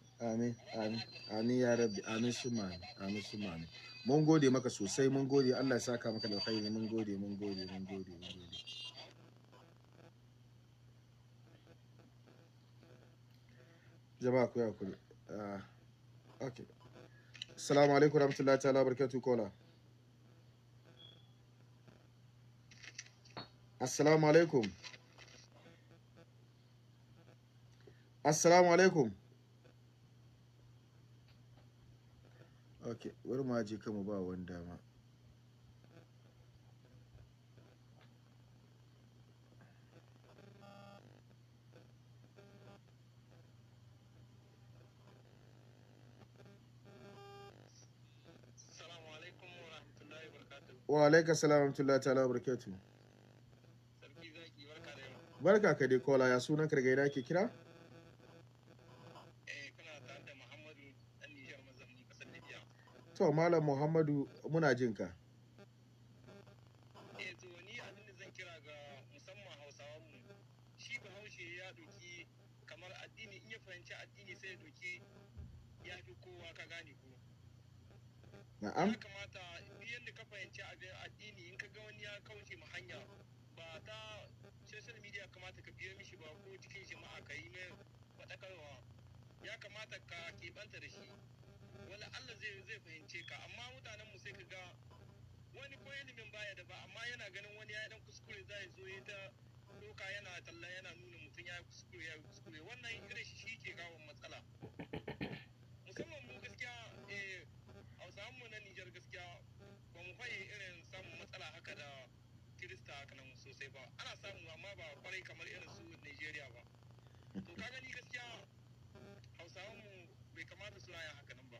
amin amin amin ya rabbi amin summa amin amin summa amin mun gode maka sosai mun gode Allah ya saka maka da alkhairi mun gode mun gode mun gode mun gode jama'a ku ya kuri ah, okay assalamu alaikum warahmatullahi ta'ala barakatuh kola assalamu alaikum assalamu alaikum ok bari ma je kama ba wani dama wa alaika salam amtullah ta'ala barakatu barka ka dai kola ya sunan kargaida ke kira To, Malam Muhammadu muna jin ka. Eh, to ni abin zan kira ga musamman hausawan mu shi bahaushe ya doki kamar addini in ya fahimci addini sai ya doki ya fi kowa ka gane ko. Ya kamata yadda ka fahimci abin addini in ka ga wani ya kauce mu hanya ba ta social media kamata ka biyo mishi ba ko cikin jama'a ka yi mai faɗakarwa ya kamata ka keɓanta da shi wala Allah zai fahimce ka amma mutanen mu sai ka ga wani ko ilimin baya da ba amma yana ganin wani ya dan kuskure zai zo ya ta doka yana talla yana nuna mutum ya kuskure ya kuskure wannan irin shi shi ke kawo matsala musamman mu gaskiya eh hausawan mu na Nijar gaskiya ba mu faye irin samun matsala haka da kirista haka nan sosai ba ana samu amma ba kwarai kamar irin su Nigeria ba to ka gani gaskiya hausawan mu bai kamata su raya haka nan ba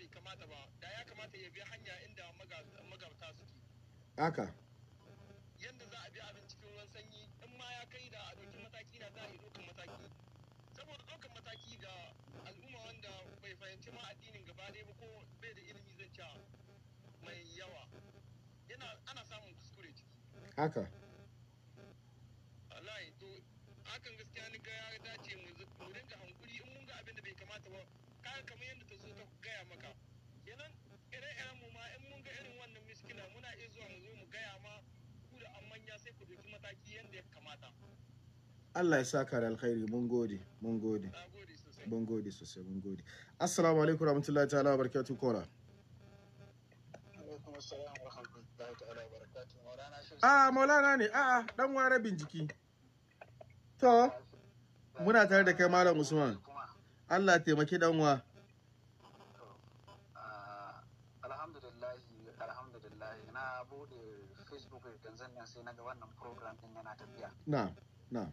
bai kamata ba da ya kamata ya bi hanya inda magabta suke haka yadda za a bi abin cikin ruwan sanyi in ma ya kai da a ɗauki mataki na za a yi ɗaukan mataki saboda ɗaukan mataki ga al'umma wanda bai fahimci ma addinin gaba ɗaya ba ko bai da ilimi zan ca mai yawa yana ana samun kuskure ciki haka wallahi to hakan gaskiya ni ga ya dace mu dinga hankuri in mun ga abin da bai kamata ba kamar yadda gaya maka kenan ire mu ma in mun ga irin wannan miskila muna iya zuwa mu zo gaya ma ku da sai ku mataki yadda ya kamata Allah ya saka da alkhairi mun gode mun gode mun gode sosai mun gode assalamu alaikum warahmatullahi ta'ala barakatuh kora a maulana ne a'a ah, ah, dan ware binciki to muna tare da kai malam usman Allah taimaki danwa. Ah, alhamdulillahi, alhamdulillahi na buɗe Facebook yanzu nan sai na ga wannan program din yana tafiya. Na, na.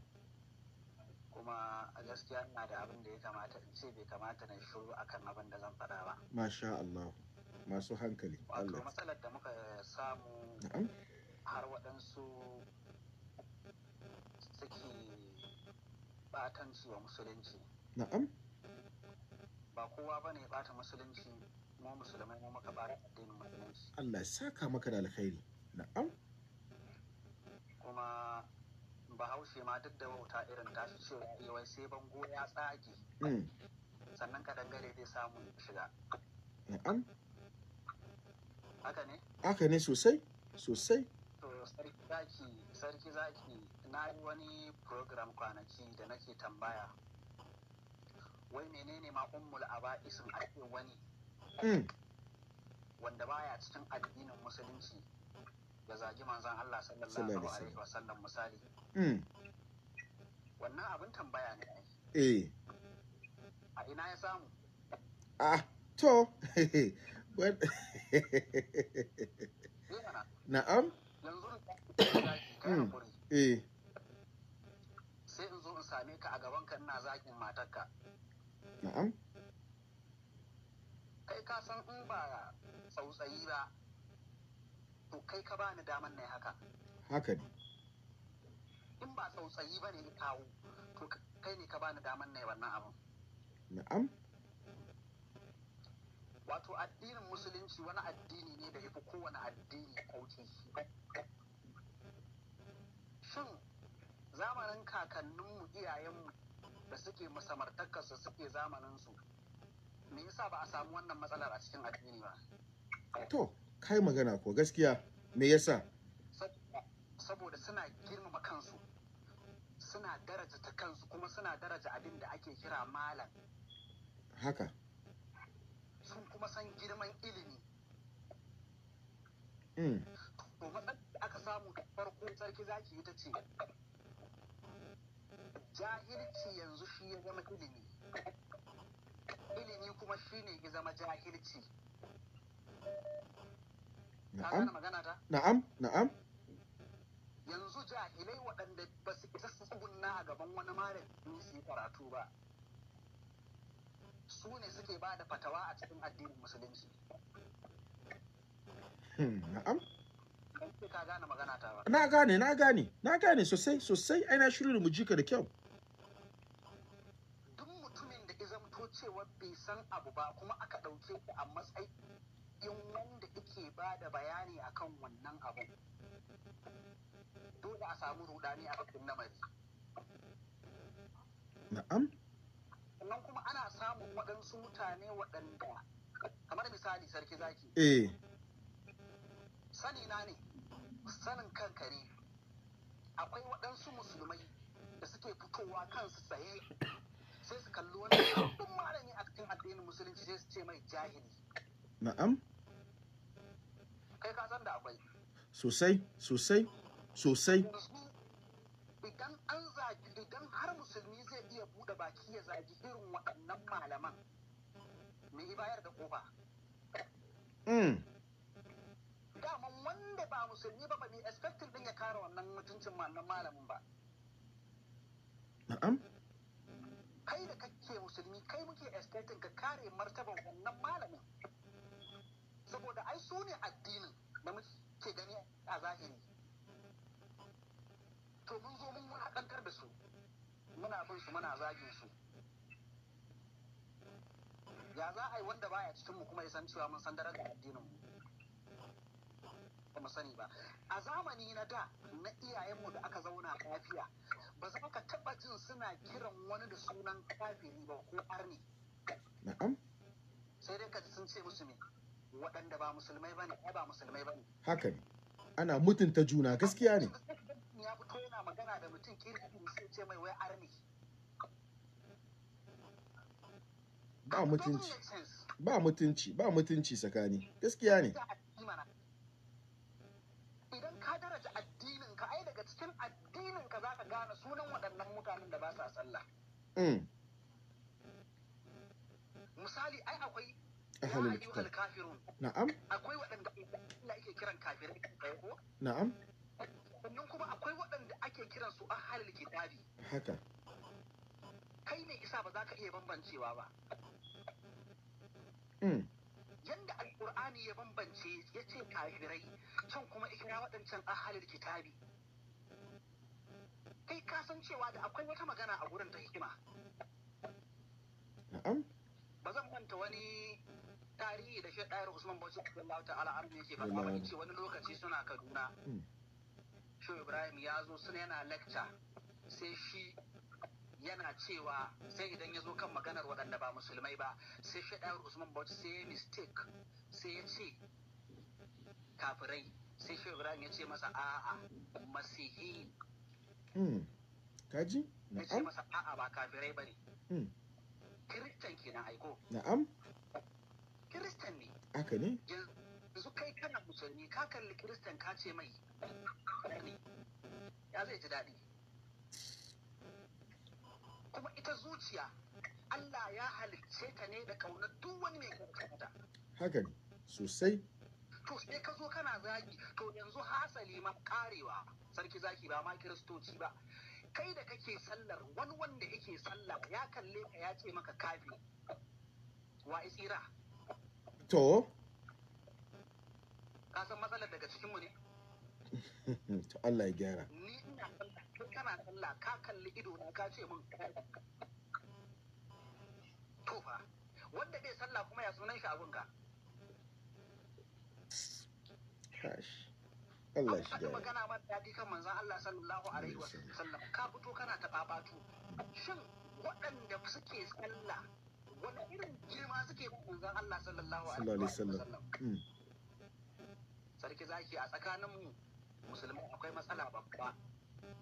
Kuma gaskiya ina da abin da ya kamata in ce bai kamata na yi shiru akan abin da zan faɗa ba. Masha Allah, masu hankali. Wato matsalar da muka samu har waɗansu suke batanci wa musulunci. Na'am. ba kowa ba ne ya ɓata musulunci mu musulmai mu muka ɓata addinin musulunci Allah ya saka maka da alkhairi na'am kuma bahaushe ma duk da wauta irin tashi cewa yawai sai bango ya tsage hmm. sannan ka dangare zai samu shiga na'am haka ne haka ne sosai sosai to sarki zaki sarki zaki na yi wani program kwanaki da nake tambaya wai menene ma ummul aba'isin ake wani hmm. wanda baya cikin addinin musulunci ya zagi manzon Allah sallallahu alaihi wasallam misali hmm. wannan abin tambaya ne eh a ina ya samu ah to na'am yanzu hmm. eh sai in zo in same ka a gaban ka ina zakin matarka Na'am. Kai ka san in ba tsautsayi ba, to kai ka bani daman na haka. Haka ne. In ba tsautsayi ba ne kawo, to kai ne ka bani daman na wannan abin. Na'am. Wato addinin musulunci wani addini ne da ya fi kowane addini kauce. Shin zamanin kakanninmu iyayenmu da suke su suke zamaninsu me yasa ba a samu wannan matsalar a cikin addini ba to kai magana ko gaskiya me yasa saboda suna girmama kansu suna daraja ta kansu kuma suna daraja abin da ake kira malam haka sun kuma san girman ilimi mm. to matsalar da aka samu farko sarki zaki ita ce jahilci yanzu shi ya zama ilimi ilimi kuma shi ne ya zama jahilci na'am na'am na'am yanzu jahilai waɗanda ba su isa su tsugunna a gaban wani malami su yi karatu ba su ne suke ba da fatawa a cikin addinin musulunci hmm, na'am na gane na gane na gane sosai sosai ai na shirya mu jika da kyau cewa bai san abu ba kuma aka ɗauke ku a matsayin wanda yake ba da bayani akan wannan abun dole a samu rudani a cikin namari na'am sannan kuma ana samun waɗansu mutane waɗanda kamar misali sarki zaki eh sani na ne sanin kan kare akwai waɗansu musulmai da suke fitowa kansu tsaye sai su kalli wani babban malami a cikin addinin musulunci sai su ce mai jahili na'am kai ka san da akwai sosai sosai sosai idan an zagi idan har musulmi zai iya bude baki ya zagi irin waɗannan malaman me bayar da kofa mm. daman wanda ba musulmi ba ba mai expectin din ya kare wannan mutuncin wannan malamin ba na'am kai da kake musulmi kai muke estetin ka kare martaban wannan malamin saboda ai su ne addinin da muke gani a zahiri to mun zo mun haɗantar da su muna bin su muna zagin su ya za a yi wanda baya cikin mu kuma ya san cewa mun san darajar addinin mu mu sani ba a zamani na da na iyayenmu da aka zauna kafiya ba za ka taba jin suna kiran wani da sunan kafiri ba ko arni sai dai ka sun ce musu ne waɗanda ba musulmai ba ne ai ba musulmai ba ne haka ne ana mutunta juna gaskiya ne ya fito yana magana da mutum kirki sai ce mai wai arni ba mutunci ba mutunci ba mutunci tsakani gaskiya ne cikin addinin ka za ka gane sunan waɗannan mutanen da ba sa sallah mm. misali ai akwai ahalul kitab na'am akwai waɗanda Allah yake kiran kafirai kai ko na'am sannan kuma akwai waɗanda ake kiran su ahalul kitabi haka kai ne isa ba za ka iya bambancewa ba mm. yanda alƙur'ani ya bambance ya ce kafirai can kuma ikira waɗancan ahalul kitabi kai ka san cewa da akwai wata magana a gurin ta hikima na'am ba zan manta wani tarihi da shi ɗayar usman bauchi Allah ta'ala an yake faɗa ba ce wani lokaci suna kaduna hmm. Shu ibrahim ya zo suna yana lecture sai shi yana cewa sai idan ya zo kan maganar waɗanda ba musulmai ba sai shi ɗayar usman bauchi sai ya mistake sai ya ce kafirai sai shi ibrahim ya ce masa a'a masihi Hmm. kaji na'am a'a ba kafirai bane hmm kiristan kenan aiko na'am kristan ne aka ne yanzu kai kana musulmi ka kalli kristan ka ce mai ya zai ji daɗi kuma ita zuciya Allah ya halicce ta ne da kaunar duk wani mai kyauta haka ne sosai to sai ka zo kana zagi to yanzu hasali ma karewa sarki zaki ba ma kiristoci ba kai da kake sallar wani wanda yake sallar ya kalle ka ya ce maka kafi wa isira to ka san matsalar daga cikin mu ne to Allah ya gyara ni ina sallah kana sallah ka kalli ido na ka ce min to fa wanda bai sallah kuma ya sunan shi abun ka kash Allah shi ya magana man daɗi kan manzon Allah sallallahu alaihi wasallam ka fito kana ta babatu shin waɗanda suke sallah wani irin girma suke manzon Allah sallallahu alaihi wasallam mm. sarki zaki a tsakanin mu musulmai akwai matsala babba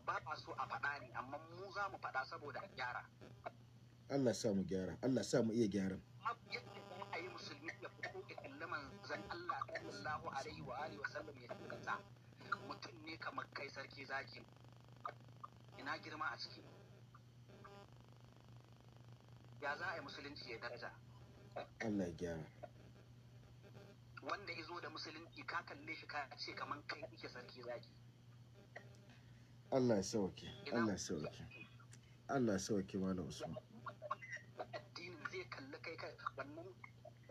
ba a so a faɗa ne amma mu za mu faɗa saboda a gyara Allah sa mu gyara Allah sa mu iya gyaran a yi musulmi ya fito ya kalli manzan Allah sallallahu alaihi wa alihi wa sallam ya kansa mutum ne kamar kai sarki zaki ina girma a ciki ya za a yi musulunci ya daraja Allah ya wanda ya zo da musulunci ka kalle shi ka ce kamar kai ike sarki zaki Allah ya sauke Allah ya sauke Allah ya sauke malam Usman addinin zai kalli kai kai wannan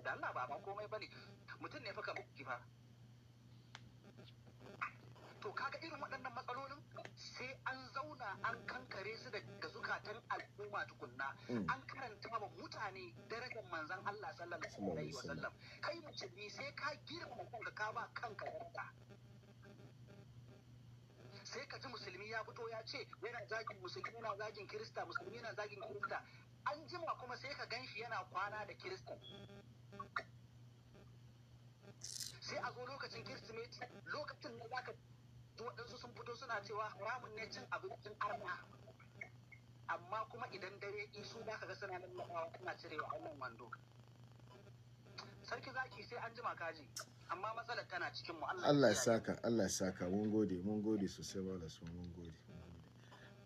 da Allah ba ma komai bane mutum ne fa ka muki fa to kaga irin waɗannan matsalolin sai an zauna an kankare su daga zukatan al'umma tukunna mm. an karanta ma mutane darajar manzon Allah sallallahu alaihi wa sallam kai musulmi sai ka girma kanka ka ba kanka daraja sai ka ji musulmi ya fito ya ce yana zagin musulmi yana zagin kirista musulmi yana zagin kirista an jima kuma sai ka gan shi yana kwana da kirista sai a zo lokacin kirsimeti lokacin da zaka ji waɗansu sun fito suna cewa haramun ne cin abincin arna amma kuma idan dare isu ba ka ga suna lallabawa suna cirewa wannan wando sarki zaki sai an jima kaji amma matsalar tana cikin mu Allah ya saka Allah ya saka mun gode mun gode sosai ba su mun gode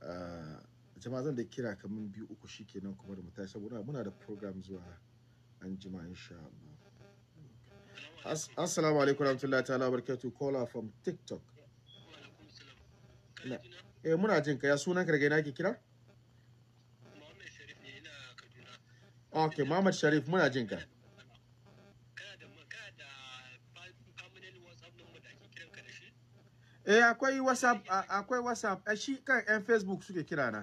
ah, jama'a zan da kira kamar biyu uku shikenan kuma da mu tashi saboda muna da program zuwa An jima insha Allah As assalamu alaikum warahmatullahi ta'ala barkatu caller from tiktok eh muna jin ka ya sunan ka na ke kira Ok, Muhammad Sharif muna jin ka. Eh akwai WhatsApp akwai WhatsApp eh, shi kan 'yan eh, Facebook suke kira na.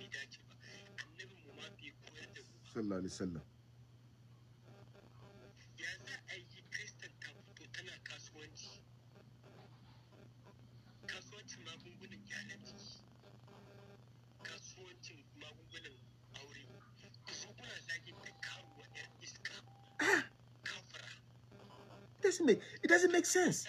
bai dace ba annabin mu ma bai koyar da mu sallallahu alaihi wasallam ya za a yi kristan ta fito tana kasuwanci kasuwancin magungunan gyaran jiki kasuwancin magungunan aure su kuna zagin da iska kafara it doesn't make it doesn't make sense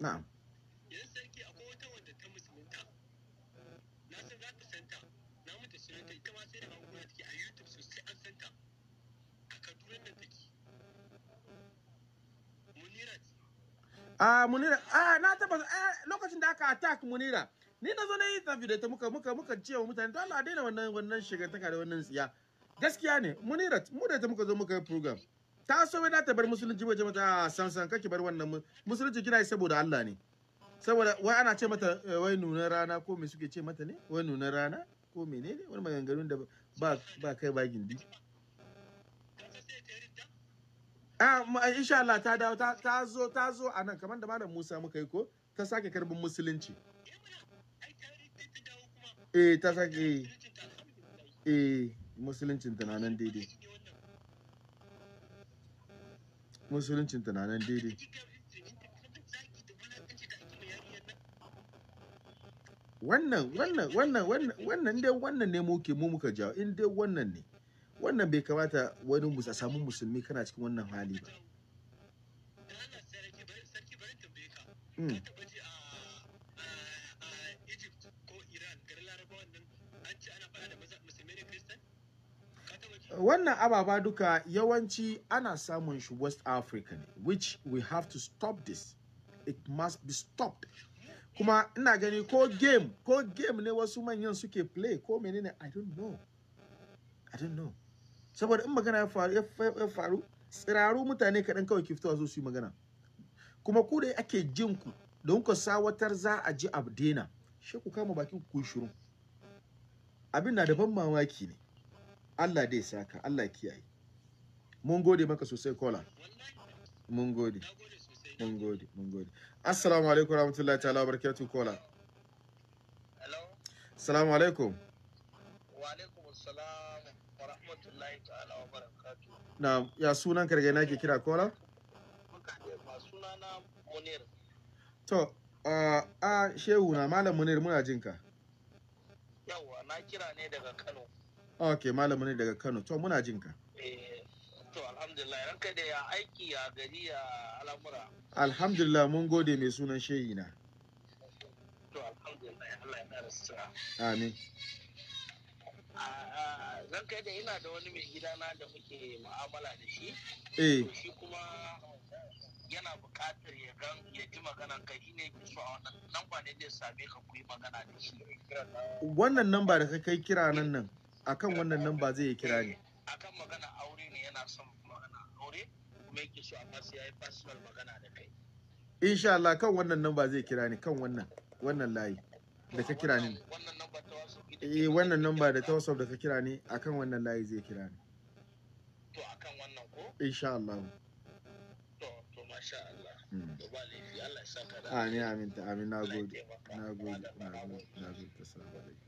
na'am yanzu sarki akwai wata wanda ta musulunta na san za ta san santa na mutu sunanta ita ma sai da magunguna take a youtube sosai an san santa a kaduna nan take munira a munira a na taba lokacin da aka attack munira ni na zo na yi tafi da ta muka muka muka ce wa mutane to Allah daina wannan wannan shigartaka da wannan tsiya gaskiya ne munirat mu da ta muka zo muka yi program ta so wai ta bar musulunci waje mata ah, sansan kake bar wannan musulunci kina yi saboda Allah ne saboda wai ana ce mata eh, wai nunan rana ko me suke ce mata ne wai nunan rana ko menene wani maganganun da ba ba kai ba gindi ah insha Allah ta dawo ta ta zo ta zo anan kamar da malam Musa muka yi ko ta sake karbin musulunci eh ta sake eh musuluncin tunanin daidai musuluncin tunanin daidai wannan wannan wannan wannan wannan dai wannan ne muke mu muka jawo in dai wannan ne wannan bai kamata wani musa samu musulmi kana cikin wannan hali ba hmm. wannan ababa duka yawanci ana samun shi west african ne which we have to stop this it must be stopped kuma ina gani ko game ko game ne wasu manyan suke play ko menene i don't know i don't know saboda in magana ya faru tsiraru mutane kaɗan kawai ke fitowa su yi magana kuma ku da ake jin ku don ku sawatar za a ji abdena shi ku kama bakin ku shiru abin na da ban mamaki ne Allah dai saka Allah kiyaye mun gode maka sosai kola mun gode mun gode mun gode assalamu alaikum warahmatullahi ta'ala barakatuh kola assalamu alaikum wa alaikum assalam wa rahmatullahi ta'ala wa barakatuh na ya sunan karge nake kira kola sunana munir to a shehu na malam munir muna jinka yawa na kira ne daga kano ok malamin ne daga kano to muna jin ka eh, to alhamdulillah ranka da ya aiki ya gari ya al'amura alhamdulillah mun gode mai sunan shehi na to alhamdulillah Allah ya kara sutura amin ranka da ina da wani mai gidana da muke mu'amala da shi eh shi kuma yana buƙatar ya gan ya ji magana ka ne ke so a wannan namba ne zai same ka ku yi magana da shi wannan namba da kai kira nan nan akan wannan nan ba zai yi kira ne akan magana aure ne yana son magana aure kuma yake so amma sai ya yi personal magana da kai insha Allah kan wannan nan ba zai kira ne kan wannan wannan layi da ka kira ne eh wannan namba da ta WhatsApp da ka kira ne akan wannan layi zai kira ne to akan wannan ko insha Allah to to masha Allah hmm. to ba laifi Allah ya saka da amin amin ta amin nagode nagode nagode assalamu alaikum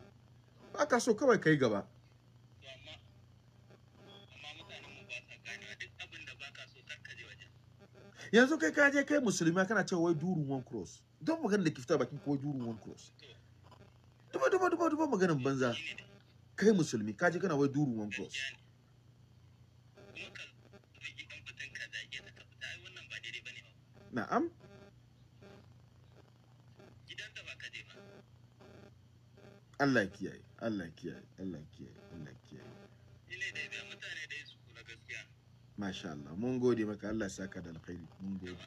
aka so kawai kai gaba yanzu kai ka je kai musulmi kana cewa wai durun one cross don maganin da ke fita bakin kawai durun one cross duba duba duba duba maganin banza kai musulmi ka je kana wai durun one cross na'am Allah ya kiyaye Allah kiyaye Allah kiyaye Allah kiyaye ne dai da mutane dai su kula gaskiya masha Allah mun gode maka Allah ya saka da alkhairi mun gode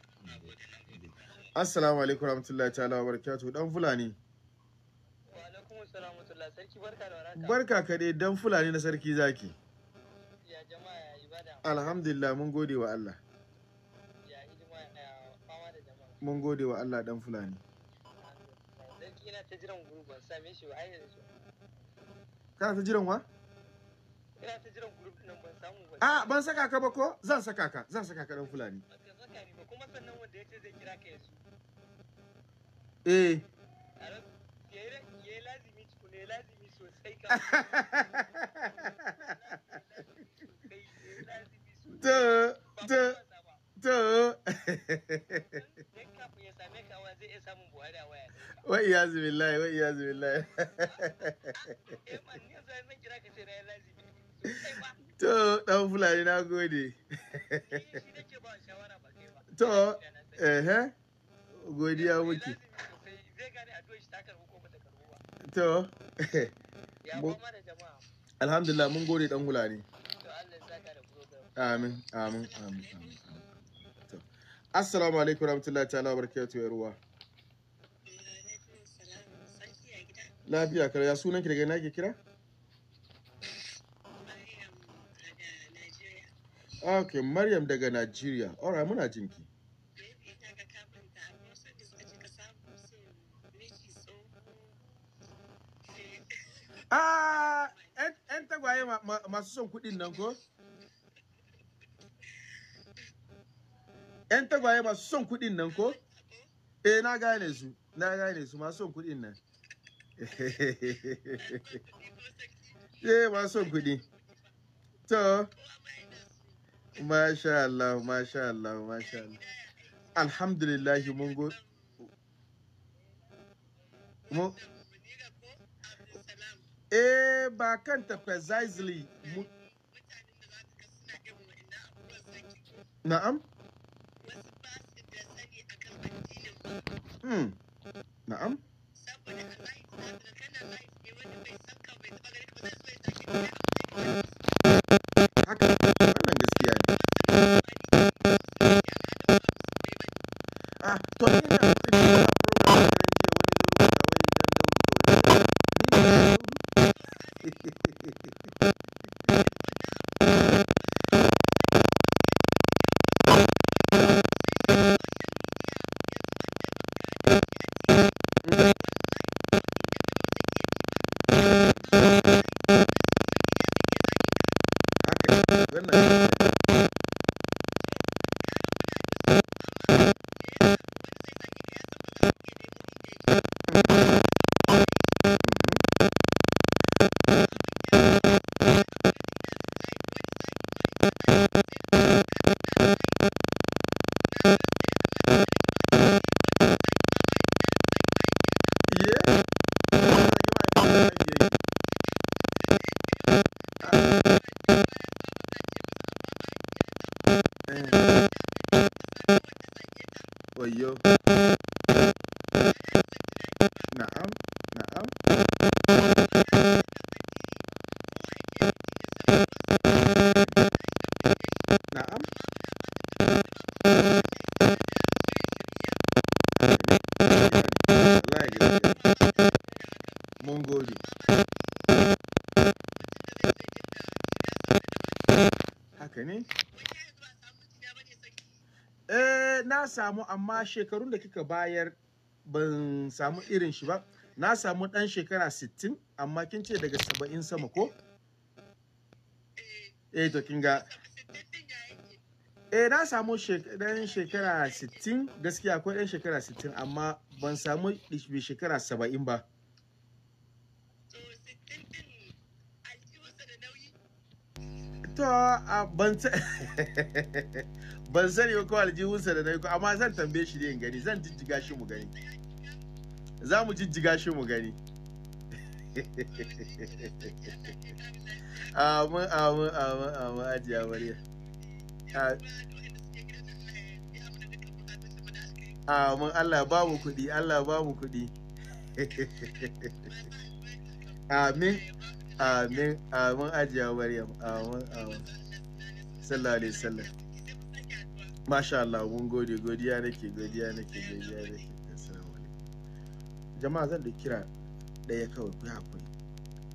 assalamu alaikum warahmatullahi ta'ala wabarakatuh dan fulani wa alaikum assalam warahmatullahi sarki barka da waraka barka ka dai dan fulani na sarki zaki ya jama'a ya ibada alhamdulillah mun gode wa Allah ya hidima ya fama da jama'a mun gode wa Allah dan fulani sarki yana ta jiran gurban same shi wa ayyana kana ta jiran wa ina ta jiran group nan ban samu ba a ah, ban saka ka ba ko zan saka ka zan saka ka dan fulani ba saka ni ba kuma sannan wanda zai kira ka eh yayi lazimi lazimi sosai ka ya same ka wa zai iya samun buhari a waya wai ya zubi lai wai ya zubi lai to dan fulani na gode to eh godiya muke to alhamdulillah mun gode dan fulani amin amin amin assalamu alaikum warahmatullahi ta'ala wa barakatuhu ya ruwa Lafiya kar ya sunan ki daga ina ke kira? Okay, Maryam daga Najeriya. Alright, muna jinki. Ah, ‘yan tagwaye masu son kuɗin nan ko? ‘Yan tagwaye masu son kuɗin nan ko? Eh, na gane su, na gane su masu son kuɗin nan. yeah, what's son kuɗi So, masha Allah masha Allah masha Allah alhamdulillah mun go mu eh ba kanta precisely na'am hmm, na'am shekarun da kika bayar ban samu irin shi ba na samu ɗan shekara 60 amma kin ce daga 70 sama ko? eh to kin ga eh na samu ɗan shekara 60 gaskiya akwai ɗan shekara 60 amma ban samu bi shekara 70 ba to a ban ban sani ba ko aljihunsa da na yi amma zan tambaye shi ne in gani zan jijjiga shi mu gani za mu jijjiga shi mu gani amin amin amin amin ajiya mariya amin allah ba mu kuɗi allah ba mu kuɗi amin amin amin ajiya maryam amin amin sallallahu alaihi wasallam Masha Allah mun gode godiya nake godiya nake godiya nake assalamu alaikum jama'a zan da kira daya kawai ku hakuri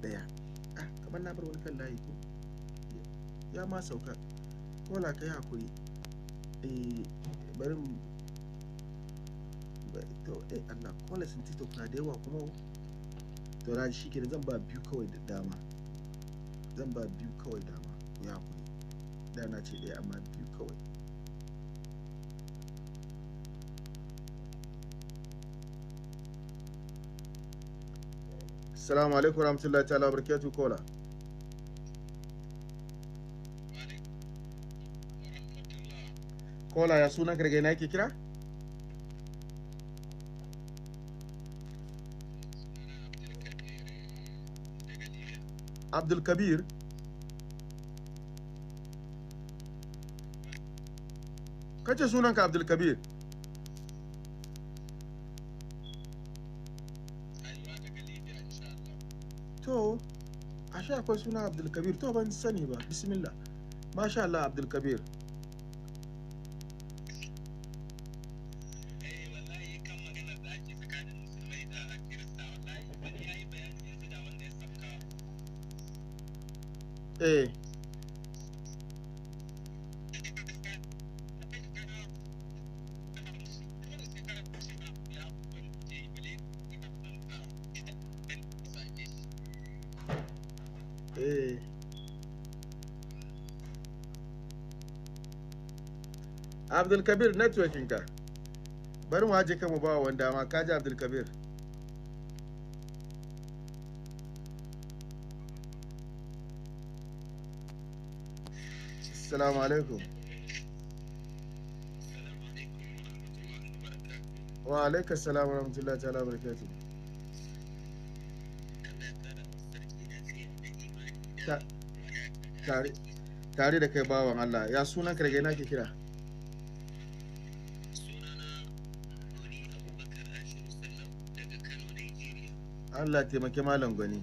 daya ah kamar na bar wani kan layi ko ya ma sauka kola kai hakuri eh bari to eh Allah kola sun tito kuna da yawa kuma to na shi kenan zan ba biyu kawai da dama zan ba biyu kawai dama ku hakuri da na ce ɗaya amma biyu kawai Assalamu alaikum warahmatullahi ta'ala barakatuh kola. Kola ya sunan karge na kira? Abdul Kabir. Kace sunanka Abdul akwai suna abdulkabir to ban sani ba bismillah masha Allah abdulkabir eh Eh. networking networkinka. Bari mu haje kan mu ba ka ji kaji Kabir Assalamu alaikum. Wa alaikassalam wa rahmatullahi wa barakatuh. tare da kai bawan Allah ya sunan ka daga ke kira Allah taimake malam gwani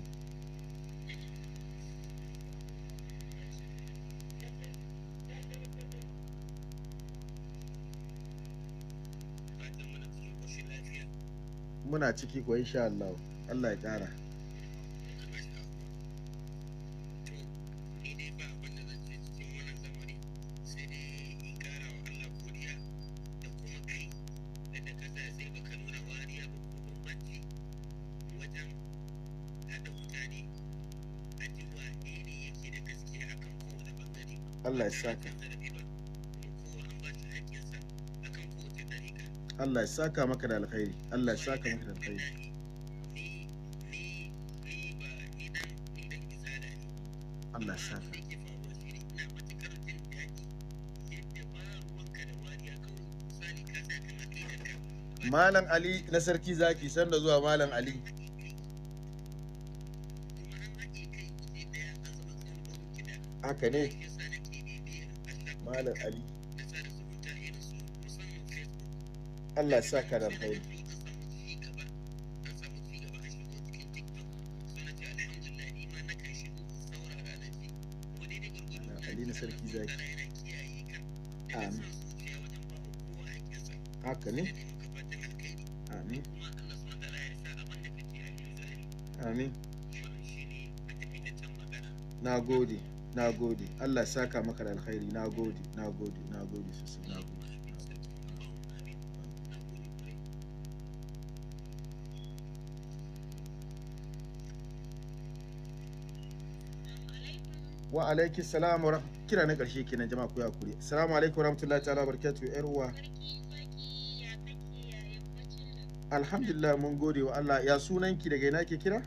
muna ciki ko insha Allah Allah ya kara Allah ya saka Allah maka da alkhairi Allah ya saka maka da Malam Ali na sarki zaki sanda zuwa Malam Ali haka ne Malam Ali. Allah ya saka da alheri. gode Allah ya saka maka da alkhairi na gode na gode na gode sosai na gode wa alaiki salam wa kira na karshe kenan jama'a ku yakuri assalamu alaikum warahmatullahi ta'ala barakatuhu yar uwa alhamdulillah mun gode wa Allah ya sunanki daga ina ke kira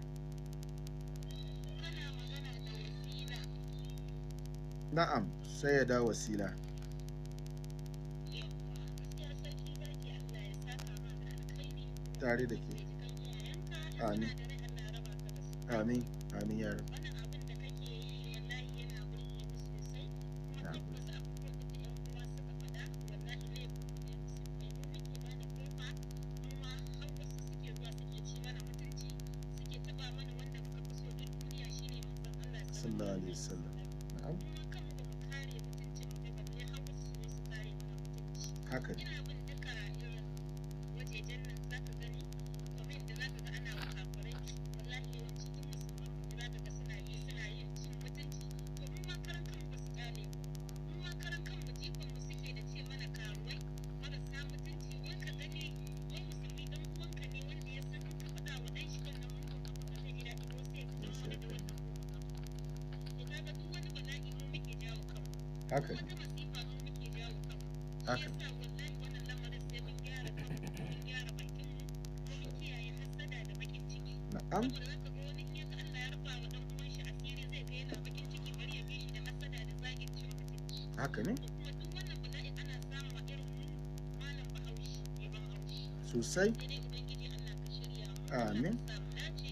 Na'am, da Wasila. Tare da ke. Amin. Amin, amin yaran.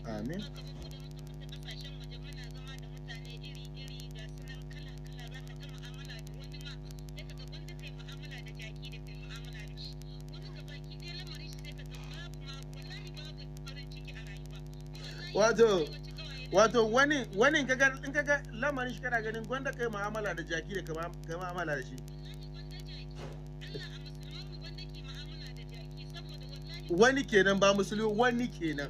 Amin. wato wato wani wani kaga in kaga lamarin shi kana ganin gwanda kai mu'amala da jaki da kai mu'amala da shi wani kenan ba musulmi wani kenan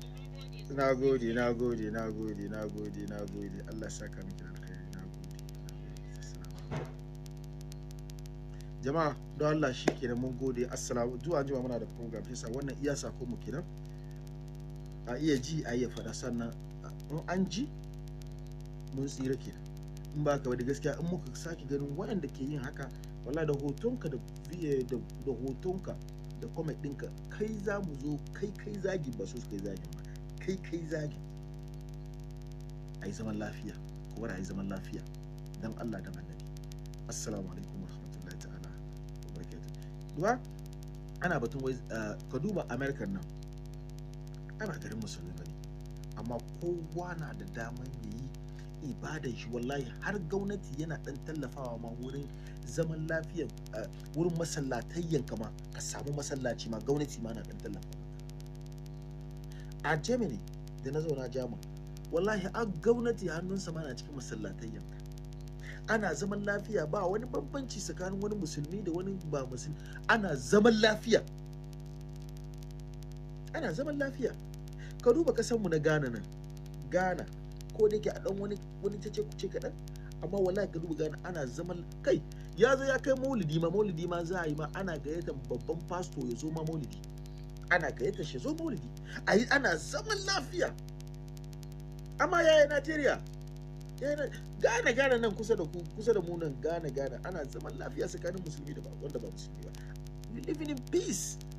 na gode na gode na gode na gode na gode allah saka miki alkhairi na gode jama'a don allah shi kenan mun gode assalamu zuwa jima muna da program shi wannan iya sako mu kenan a iya ji a iya faɗa sannan in an ji mun tsira kenan in ba ka da gaskiya in muka sake ganin waɗanda ke yin haka wala da hotonka eh, da da hotonka da comment ɗinka kai za mu zo kai kai zagi ba su kai zagi ba kai kai zagi a yi zaman lafiya ko a yi zaman lafiya don Allah da annabi assalamu alaikum wa rahmatullahi ta'ala wa barakatuh duwa ana batun wai eh, ka duba america nan ana ba garin musulmi bane amma kowa na da damar yi ibadan shi wallahi har gwamnati yana dan tallafawa ma wurin zaman lafiya eh, wurin masallatayyan kama ka samu masallaci ma gwamnati ma na dan tallafawa a germany da na zauna jamus wallahi an gwamnati hannunsa mana cikin masallatai ana zaman lafiya ba wani bambanci tsakanin wani musulmi da wani ba musulmi ana zaman lafiya ana zaman lafiya ka duba kasanmu na ghana nan ghana ko da yake a dan wani wani tace kuce kaɗan amma wallahi ka duba ghana ana zaman kai ya zo ya kai maulidi ma maulidi ma za a yi ma ana gayyatar babban pasto ya zo ma maulidi ana gayyatar shi zo maulidi a yi ana zaman lafiya amma ya yi najeriya gane gane nan kusa da kusa da mu nan gane gane ana zaman lafiya tsakanin musulmi da wanda ba musulmi ba living in peace